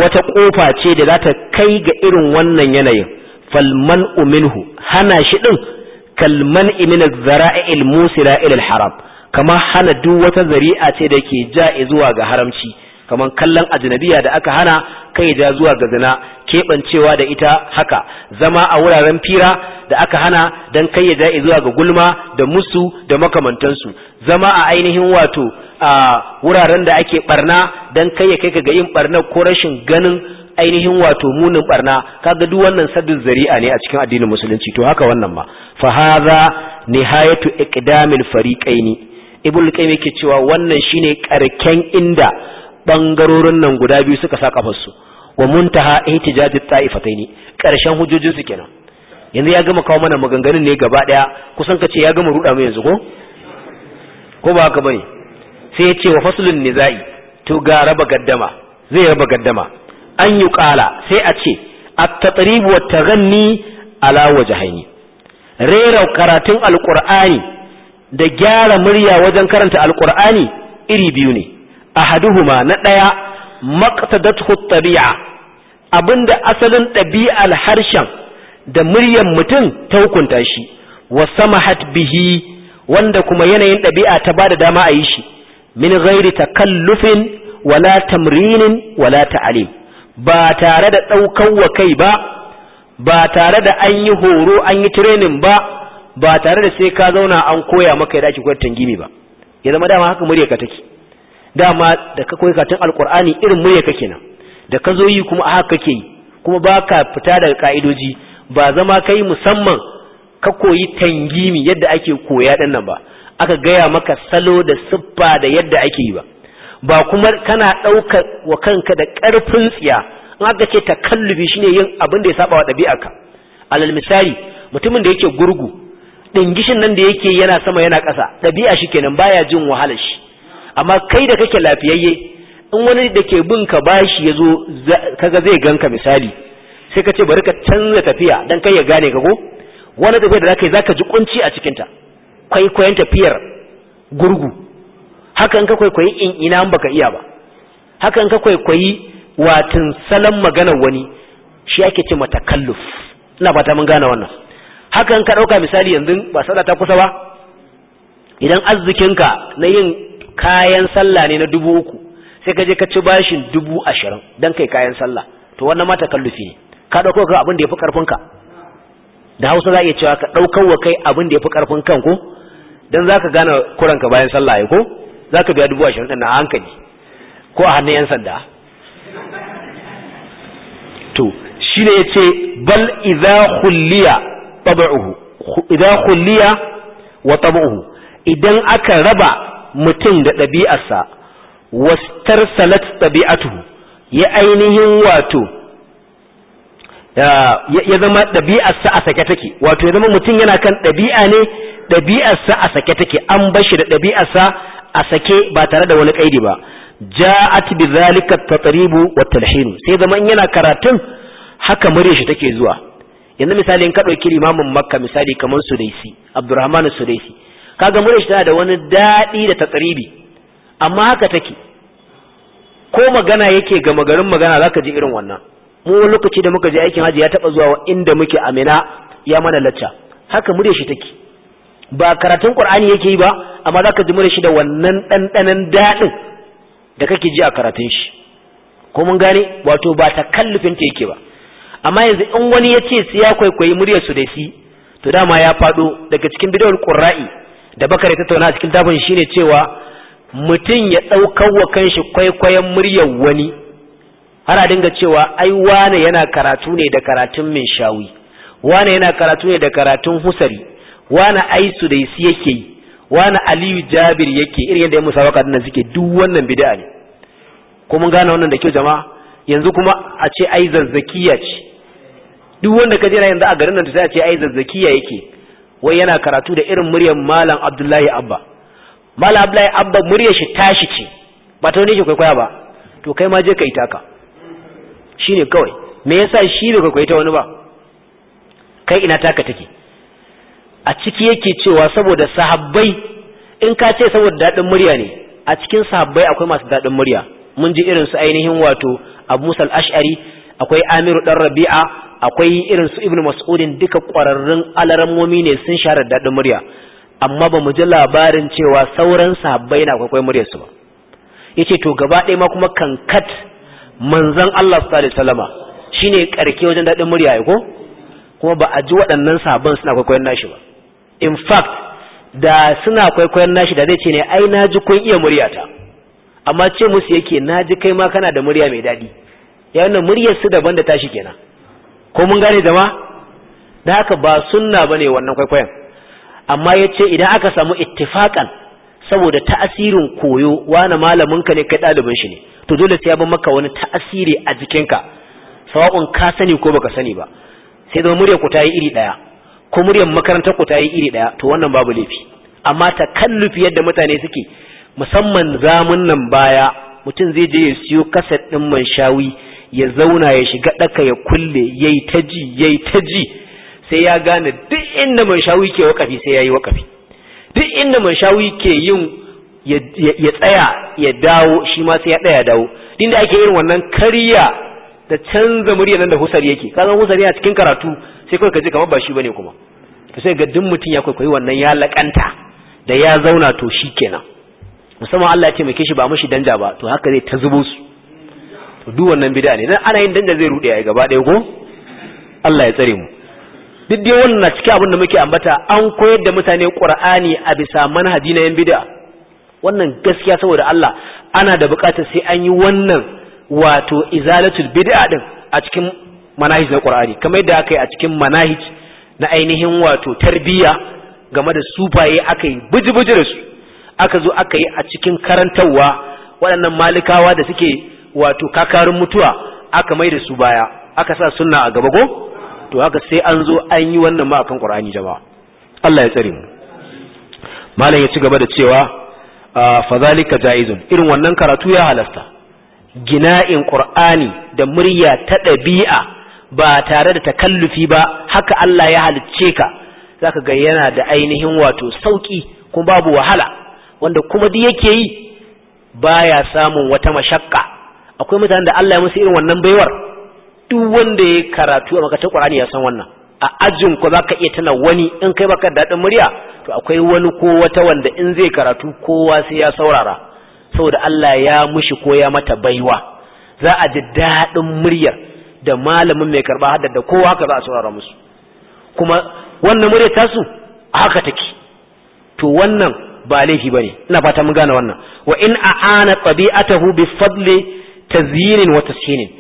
wata kofa ce da za ta kai ga irin wannan yanayin falman uminhu hana shi ɗin kalman imina zara'il musira ilil haram kama hana duk wata zari'a ce da ke ja zuwa ga haramci kamar kallon ajnabiya da aka hana kai ja zuwa ga zina keɓancewa da ita haka zama a wuraren fira da aka hana don kai ya ja zuwa ga gulma da musu da makamantansu zama a ainihin wato a wuraren da ake barna don kai ya kai ga yin barna ko rashin ganin ainihin wato munin barna kaga duk wannan sadin zari'a ne a cikin addinin musulunci to haka wannan ma fa hadha nihayatu iqdamil fariqaini ibnu qayyim yake cewa wannan shine karken inda bangarorin nan guda biyu suka sa kafarsu wa muntaha ihtijajit ta'ifataini karshen hujojin su kenan yanzu ya gama kawo mana maganganun ne gaba daya kusan kace ya gama ruda mu yanzu ko ko ba haka bane sai ya ce wa faslun nizai to ga raba gaddama zai raba gaddama an yi ƙala sai a ce a tatrib wa ganni alawa wajhaini rera karatun Alƙur'ani da gyara murya wajen karanta Alƙur'ani iri biyu ne ahaduhuma na ɗaya maqtadathu at abinda asalin ɗabi'ar harshen da muryar mutum ta hukunta shi wa sama bihi wanda kuma yanayin ɗabi'a ta ba da dama a yi shi min ta kallufin wala tamrinin wala ta'alim ba tare da ɗaukan wa kai ba ba tare da an yi horo an yi training ba ba tare da sai ka zauna an koya maka yadda ake koyar tangimi ba ya zama dama haka murya ka take dama da ka koyi karatun alkur'ani irin murya ka kenan da ka zo yi kuma a haka kake yi kuma ba ka fita daga ka'idoji ba zama kai musamman ka koyi tangimi yadda ake koya ɗin nan ba aka gaya maka salo da siffa da yadda ake yi ba ba kuma kana ɗaukar wa kanka da ƙarfin tsiya in aka ce takallubi shine yin abin da ya saba wa ɗabi'arka alal misali mutumin da yake gurgu gishin nan da yake yana sama yana ƙasa ɗabi'a shi kenan baya jin wahalar shi amma kai da kake lafiyayye in wani da ke bin ka bashi ya zo kaga zai ganka misali sai ka ce bari ka canza tafiya dan kai ya gane ka ko wani tafiya da zaka yi zaka ji kunci a cikinta kwaikwayon tafiyar gurgu haka in ka kwaikwayi in ina an baka iya ba haka in ka kwaikwayi watin salon maganar wani shi ake ce mata kalluf ina fata mun gane wannan haka in ka ɗauka misali yanzu ba sada ta kusa ba idan arzikinka na yin kayan sallah ne na dubu uku sai ka je ka ci bashin dubu ashirin don kai kayan sallah to wannan ma takallufi ne ka ɗauko ka abin da ya fi ƙarfinka da hausa za a iya cewa ka ɗaukar wa kai abin da ya fi ƙarfin kan ko don za ka gane kuranka bayan sallah ya ko za ka biya dubu ashirin ɗin na hankali ko a hannun 'yan sanda to shi ne ya ce bal idan kulliya wa tabu'uhu idan aka raba mutum da ɗabi'arsa wastarsalat ɗabi'atu ya ainihin wato ya zama ɗabi'arsa a sake take wato ya zama mutum yana kan ɗabi'a ne ɗabi'arsa a sake take an bashi da ɗabi'arsa a sake ba tare da wani kaidi ba ja'at bi zalika tatribu wa talhin sai zaman yana karatun haka mure shi take zuwa yanzu misali in ka dauki limamin makka misali kamar sudaisi abdurrahman sudaisi kaga mure shi tana da wani dadi da tatribi amma haka take ko magana yake ga magarin magana zaka ji irin wannan mu wani lokaci da muka je aikin haji ya taba zuwa inda muke amina ya mana lacca haka mure shi take ba karatun qur'ani yake yi ba amma za ka ji mura shi da wannan ɗanɗanan daɗin da kake ji a karatun shi ko mun gane wato ba ta kallufin ta yake ba amma yanzu in wani ya ce ya kwaikwayi muryar su da shi to dama ya faɗo daga cikin bidawar ƙura'i da bakar ya tattauna a cikin tafin shine cewa mutum ya ɗaukar wa kanshi kwaikwayon muryar wani har a dinga cewa ai wane yana karatu ne da karatun min shawi wane yana karatu ne da karatun husari wane ai su da yake yi wani aliyu jabir yake irin yadda ya waka dinnan suke duk wannan bid'a ne ko mun gane wannan da kyau jama'a yanzu kuma a ce ai zazzakiya ce duk wanda ka jira yanzu a garin nan sai a ce ai zazzakiya yake wai yana karatu da irin muryar malam abdullahi abba malam abdullahi abba muryar shi tashi ce ba ta wani yake kwaikwaya ba to kai ma je ka yi taka shine kawai me yasa shi bai kwaikwayi ta wani ba kai ina taka take a ciki yake cewa saboda sahabbai in ka ce saboda daɗin murya ne a cikin sahabbai akwai masu daɗin murya mun ji irin su ainihin wato abu musal ash'ari akwai amiru Dan rabi'a akwai irin su ibnu mas'udin duka ƙwararrun alarammomi ne sun share daɗin murya amma ba mu ji labarin cewa sauran sahabbai na akwai muryarsu su ba yace to gaba ɗaya ma kuma kankat manzon Allah sallallahu alaihi wasallama shine karke wajen daɗin murya ko kuma ba a ji waɗannan sahabban suna kwaikwayon nashi ba in fact da suna kwaikwayon nashi da zai ce ne ai na ji kun iya muryata amma ce musu yake na ji kai ma kana da murya mai daɗi ya wannan muryar su daban da tashi kenan ko mun gane jama da haka ba sunna bane wannan kwaikwayon amma yace idan aka samu ittifakan saboda ta'asirin koyo wani ka ne kai ɗalibin shi ne to dole sai ya bar maka wani ta'asiri a jikinka sawa'un ka sani ko baka sani ba sai zama muryar ku ta yi iri ɗaya ko muryar makarantar ku ta yi iri daya to wannan babu laifi amma ta kallufi yadda mutane suke musamman zamun nan baya mutum zai je ya siyo kaset din manshawi ya zauna ya shiga ɗaka ya kulle yayi ta ji yayi ta ji sai ya gane duk inda manshawi ke wakafi sai yayi wakafi duk inda manshawi ke yin ya tsaya ya dawo shi ma sai ya tsaya dawo din da ake irin wannan kariya da canza murya nan da husari yake kaga husari a cikin karatu sai kawai ka ji kamar ba shi bane kuma to sai ga duk mutum ya kwaikwayi wannan ya laƙanta da ya zauna to shi kenan musamman Allah ya ce mai kishi ba mushi danja ba to haka zai ta zubo su to duk wannan bid'a ne dan ana yin danja zai rude ai gaba ɗaya ko Allah ya tsare mu duk dai wannan cikin abin da muke ambata an koyar da mutane Qur'ani a bisa manhaji na yan bid'a wannan gaskiya saboda Allah ana da buƙatar sai an yi wannan wato izalatul bid'a din a cikin manahij na qur'ani kamar yadda aka yi a cikin manahij na ainihin wato tarbiyya game da sufaye aka yi buji da su aka zo aka yi a cikin karantarwa waɗannan malikawa da suke wato kakarun mutuwa aka mai da su baya aka sa sunna a gaba go to haka sai an zo an yi wannan ma akan qur'ani jama'a Allah ya tsare mu malam ya ci gaba da cewa ah, fa zalika jaizun irin wannan karatu ya halasta gina'in ƙur'ani da murya ta ɗabi'a ba tare da takallufi ba haka Allah ya halicce ka zaka ga yana da ainihin wato sauki kuma babu wahala wanda kuma duk yake yi baya samun wata mashakka akwai mutanen da Allah ya musu irin wannan baiwar duk wanda ya karatu a makarantar Qur'ani ya san wannan a ajin ku zaka iya tana wani in kai baka dadin murya to akwai wani ko wata wanda in zai karatu kowa sai ya saurara saboda Allah ya mushi ko ya mata baiwa za a ji dadin muryar da malamin mai karba haddar da kowa haka za a saurara musu kuma wannan murya tasu haka take to wannan ba laifi bane ina fata mun gane wannan wa in aana tabi'atahu bi fadli tazyinin wa tasyinin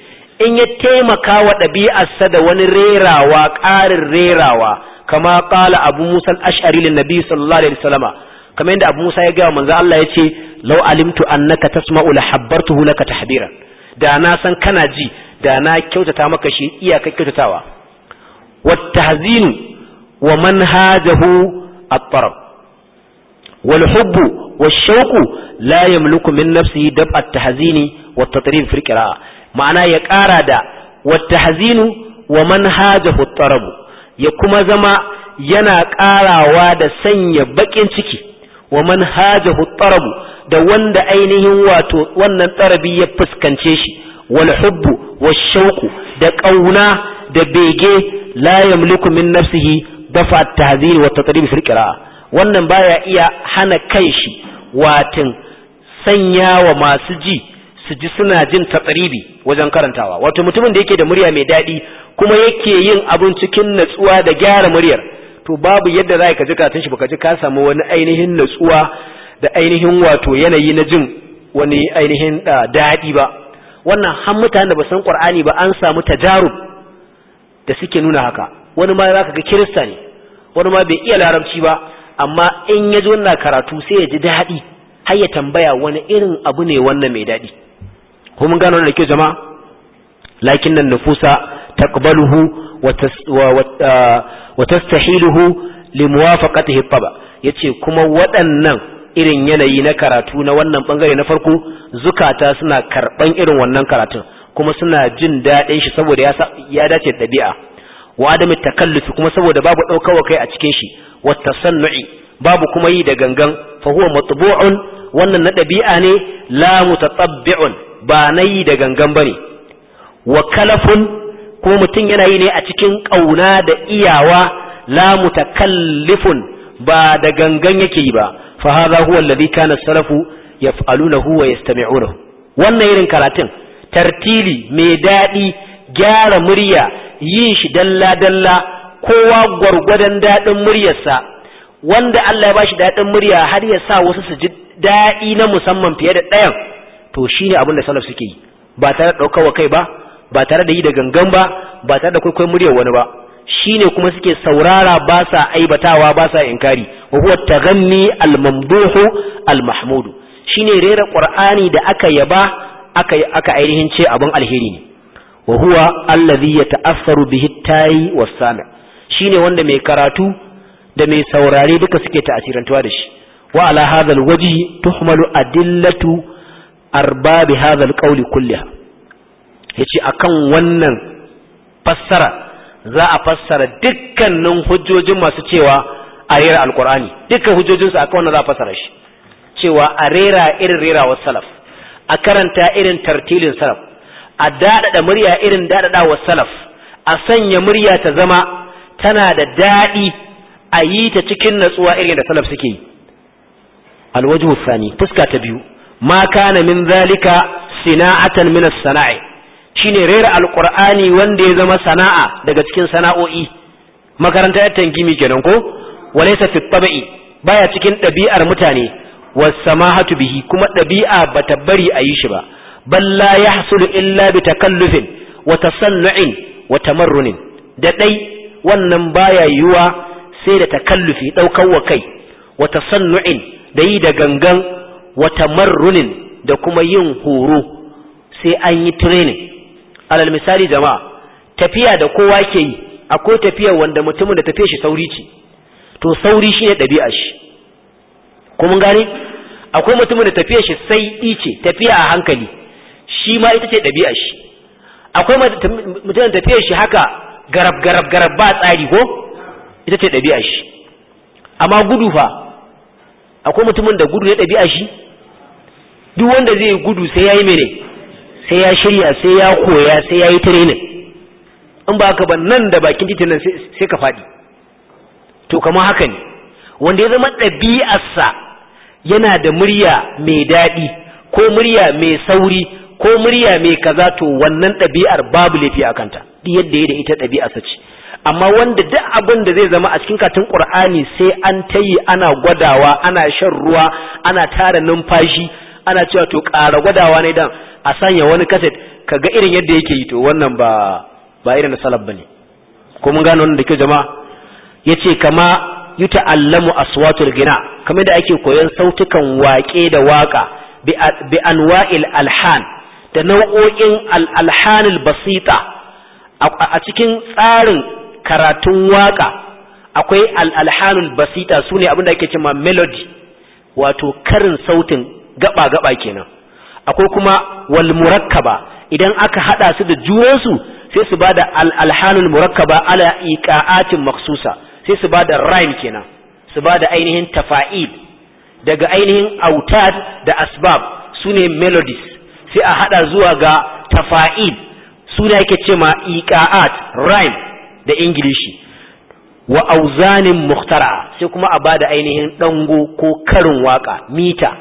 in ya taimaka wa ɗabi'arsa da wani rerawa ƙarin rerawa kama ƙala abu musa al'ashari lin nabi sallallahu alaihi wasallama kamar yadda abu musa ya ga manzo Allah ya ce law alimtu annaka tasma'u la habbartuhu laka tahbiran da na san kana ji da na kyautata maka shi iyaka kyautatawa wattahzin wa manhajahu at-tar wal hubb wal shauq la yamliku min nafsihi dab at wa tatrib fi qiraa ma'ana ya qara da wattahzin wa manhajahu at-tarab ya kuma zama yana qarawa da sanya bakin ciki wa manhajahu at-tarab da wanda ainihin wato wannan tsarabi ya fuskance shi wal hubbu wal shauku da ƙauna da bege la yamliku min nafsihi dafa tahzir wa tatrib fil qira'a wannan baya iya hana kai shi watin sanya wa masu ji su ji suna jin tatribi wajen karantawa wato mutumin da yake da murya mai daɗi kuma yake yin abun cikin natsuwa da gyara muryar to babu yadda za ka ji karatun shi baka ji ka samu wani ainihin natsuwa da ainihin wato yanayi na jin wani ainihin ah, daɗi ba wannan har mutanen da ba san ƙwar'ani ba an samu tajarub da suke nuna haka wani ma za ka ga kirista ne wani ma bai iya larabci ba amma in ya ji wannan karatu sai ya ji daɗi har ya tambaya wani irin abu ne wannan mai daɗi ko mun gano wannan da kyau jama'a lakin nan nufusa taqbaluhu wa ah, tastahiluhu limuwafaqatihi taba yace kuma waɗannan irin yanayi na karatu na wannan bangare na farko zukata suna karban irin wannan karatun kuma suna jin daɗin shi saboda ya dace ɗabi'a wa adamu takallufi kuma saboda babu ɗaukawa kai a cikin shi wa tasannu'i babu kuma yi da gangan fa huwa matbu'un wannan na ɗabi'a ne la mutatabbi'un ba na yi da gangan bane wa kalafun kuma mutum yana yi ne a cikin ƙauna da iyawa la mutakallifun ba da gangan yake yi ba fa hadha huwa alladhi kana salafu yaf'alunahu wa yastami'unahu wannan irin karatun tartili mai daɗi gyara murya yin shi dalla dalla kowa gwargwadon daɗin muryarsa wanda Allah ya bashi daɗin murya har ya sa wasu su ji daɗi na musamman fiye da ɗayan to shine abin da salaf suke yi ba tare da daukarwa kai ba ba tare da yi da gangan ba ba tare da kwaikwayon muryar wani ba shine kuma suke saurara ba sa aibatawa ba sa inkari wa huwa taghanni al-mamduhu al-mahmud shine rera ƙur'ani da aka yaba aka aka ainihin ce abin alheri ne wa huwa allazi yata'assaru bihi tayi was-sami shine wanda mai karatu da mai saurare duka suke ta'asirantuwa da shi wa ala wajihi al-wajhi tuhmalu adillatu arbabi hadha al-qawli kulliha yace akan wannan fassara za a fassara dukkanin hujjojin masu cewa a rera alkur'ani dukkan hujjojinsu akan wannan za a fasara shi cewa a rera irin rerawar salaf a karanta irin tartilin salaf a daɗaɗa murya irin daɗaɗawar salaf a sanya murya ta zama tana da daɗi a yi ta cikin natsuwa irin da salaf suke yi alwajhu hussani fuska ta biyu ma kana min zalika sina'atan min as-sana'i shine rera alqur'ani wanda ya zama sana'a daga cikin sana'o'i makaranta ya tangimi kenan ko walaysa fi tabi'i baya cikin ɗabi'ar mutane was samahatu bihi kuma ɗabi'a bata bari a yi shi ba bal la yahsulu illa bi takallufin wa tasannu'in wa tamarrunin da dai wannan baya yiwuwa sai da takallufi daukar wa kai wa tasannu'in da yi da gangan wa tamarrunin da kuma yin horo sai an yi training alal misali jama'a tafiya da kowa ke yi akwai tafiya wanda mutumin da tafiya shi sauri ce to sauri shi ne ɗabi'a shi ko mun gane akwai mutumin da tafiya shi sai ice tafiya a hankali shi ma ita ce ɗabi'a shi akwai mutumin da tafiya shi haka garab garab garab ba tsari ko ita ce ɗabi'a shi amma gudu fa akwai mutumin da gudu ya ɗabi'a shi duk wanda zai yi gudu sai yayi mene sai ya shirya sai ya koya sai yayi training in ba ka ba nan da bakin titin nan sai ka faɗi to kamar haka ne wanda ya zama ɗabi'arsa yana da murya mai daɗi ko murya mai sauri ko murya mai kaza to wannan ɗabi'ar babu laifi a kanta yadda ya da ita ɗabi'arsa ce amma wanda duk abin da zai zama a cikin katin Qur'ani sai an tayi ana gwadawa ana shan ruwa ana tara numfashi ana cewa to ƙara gwadawa ne dan a sanya wani kaset ka ga irin yadda yake yi to wannan ba ba irin salab ne. ko mun gano wannan da ke jama'a ya ce kama a aswatul gina kame da ake koyon sautukan waƙe da waƙa bi anwa'il alhan da nau'o'in alhanil basita a cikin tsarin karatun waƙa akwai alhanul basita sune abin da ake cima melody wato karin sautin gaba gaba kenan akwai kuma walmurakaba idan aka hada su da junansu sai su ba da alhanil murakaba ala iƙa'atin maksusa sai su ba da rhyme kenan su bada ainihin tafa'il daga ainihin autad da asbab sune melodies sai a hada zuwa ga tafa'il suna yake ce ma iqa'at rhyme da ingilishi wa auzanin muhtara sai kuma a bada ainihin dango ko karin waka mita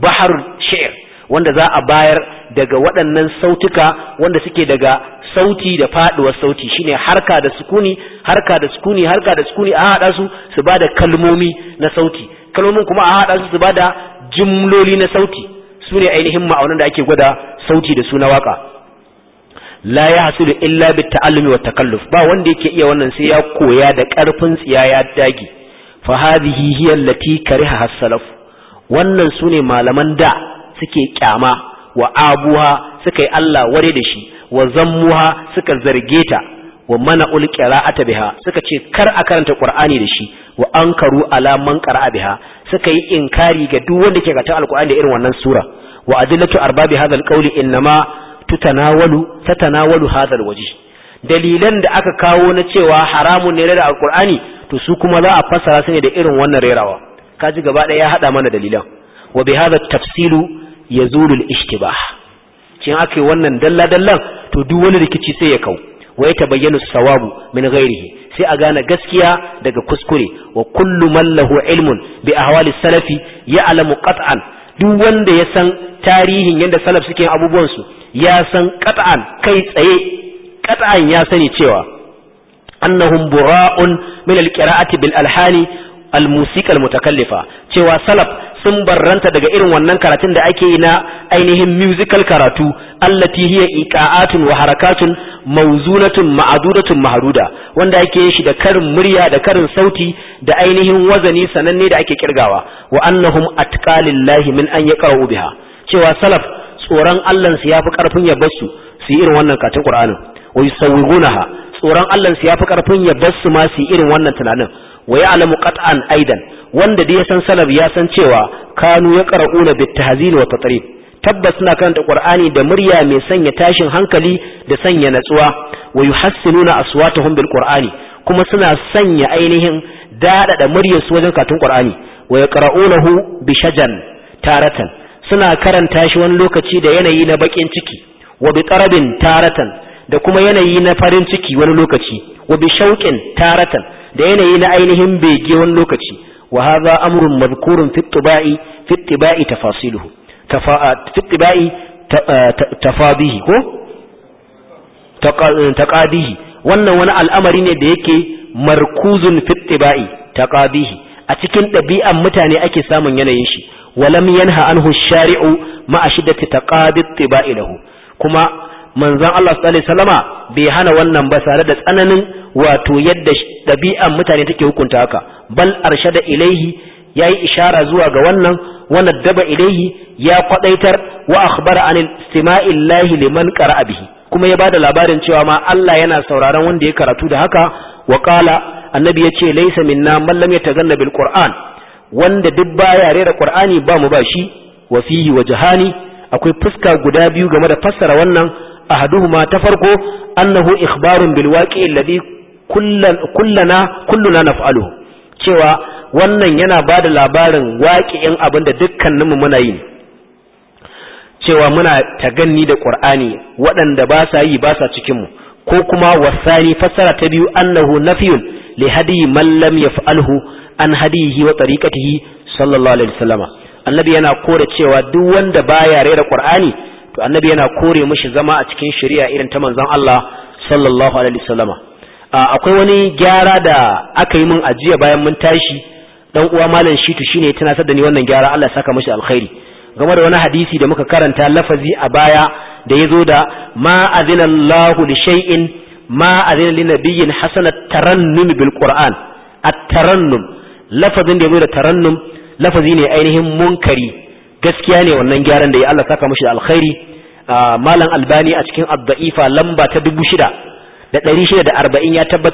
bahar shi'r wanda za a bayar daga waɗannan sautuka wanda suke daga sauti da faduwar sauti shine harka da sukuni harka da sukuni harka da sukuni a hada su su bada kalmomi na sauti kalmomin kuma a hada su su bada jumloli na sauti sune ainihin ma'aunin da ake gwada sauti da suna waka la ya hasulu illa bit ta'allumi wa takalluf ba wanda yake iya wannan sai ya koya da karfin tsiya ya dage fa hadhihi hiya allati kariha as-salaf wannan sune malaman da suke kyama wa abuha suka yi Allah ware da shi wa zammuha suka zarge ta wa mana ulqira'ata biha suka ce kar a karanta qur'ani da shi wa ankaru ala man qara'a biha suka yi inkari ga duk wanda ke gatan alqur'ani da irin wannan sura wa adillatu arbabi hadha alqawli innama tutanawalu tatanawalu hadha alwaji dalilan da aka kawo na cewa haramun ne da alqur'ani to su kuma za a fassara su ne da irin wannan rerawa kaji gaba ɗaya ya hada mana dalilan wa bi hadha tafsilu yazulu al-ishtibah Cin aka yi wannan dalla dallan to duk wani rikici sai ya kau wa ya tabayyana sawabu min ghairihi sai a gane gaskiya daga kuskure wa kullu man lahu ilmun bi ahwali salafi ya'lamu qat'an duk wanda ya san tarihin yanda salaf suke abubuwan su ya san qat'an kai tsaye qat'an ya sani cewa annahum bura'un min alqira'ati bil alhani almusiqa mutakallifa cewa salaf sun barranta daga irin wannan karatun da ake yi na ainihin musical karatu allati hiya iqa'atun wa harakatun mawzunatun ma'adudatun mahduda wanda ake yin shi da karin murya da karin sauti da ainihin wazani sananne da ake kirgawa wa annahum atqalillahi min an yaqra'u biha cewa salaf tsoron Allah su yafi karfin ya basu su irin wannan katin Qur'anin wa yusawwigunaha tsoron Allah su yafi karfin ya su ma su irin wannan tunanin wa ya'lamu qat'an aidan wanda da ya san salaf ya san cewa kanu ya qara'una na tahzil wa tatrib tabbas suna karanta qur'ani da murya mai sanya tashin hankali da sanya natsuwa wa yuhassinuna aswatuhum bil qur'ani kuma suna sanya ainihin daɗaɗa muryar su wajen katun qur'ani wa yaqra'unahu hu? Bishajan taratan suna karanta shi wani lokaci da yanayi na baƙin ciki wa bi taratan da kuma yanayi na farin ciki wani lokaci wa bi taratan da yanayi na ainihin bege wani lokaci wa hadha amrun madhkurun fi tibai fi tibai tafasiluhu ah, ah, ko eh, taqadihi wannan wani al'amari ne da yake markuzun fi tibai taqadihi a cikin ɗabi'an mutane ake samun yanayin shi walam yanha anhu shari'u ma'a shiddati taqadi tibai lahu manzon Allah sallallahu alaihi wasallama bai hana wannan ba tare da tsananin wato yadda dabi'an mutane take hukunta haka bal arshada ilaihi yayi ishara zuwa ga wannan wannan daba ilaihi ya kwadaitar wa akhbara anil istima'i llahi liman qara'a bihi kuma ya bada labarin cewa ma Allah yana sauraron wanda ya karatu da haka wa qala annabi yace laysa minna man lam yataganna bil qur'an wanda duk baya rera qur'ani ba mu ba shi wa fihi akwai fuska guda biyu game da fassara wannan ahaduhuma ta farko annahu ikhbarun bil waqi alladhi kullana kulluna naf'alu cewa wannan yana bada labarin waqi'in abinda dukkaninmu muna yi cewa muna taganni da qur'ani waɗanda ba sa yi ba sa cikin mu ko kuma wasani fassara ta biyu annahu nafiyun li hadi man lam yaf'alhu an hadihi wa tariqatihi sallallahu alaihi wasallama annabi yana kore cewa duk wanda baya rera qur'ani to annabi yana kore mishi zama a cikin shari'a irin ta manzon Allah sallallahu alaihi wasallama akwai wani gyara da aka yi min ajiya bayan mun tashi dan uwa malam Shitu shine ya tunatar da ni wannan gyara Allah ya saka mishi alkhairi game da wani hadisi da muka karanta lafazi a baya da yazo da ma azina Allahu li shay'in ma azina li nabiyyin hasana tarannum bil qur'an at tarannum lafazin da yazo da tarannum lafazi ne ainihin munkari gaskiya ne wannan gyaran da ya Allah saka mashi da alkhairi ah, malam albani a cikin adda'ifa lamba ta dubu shida da ɗari shida da arba'in ya tabbatar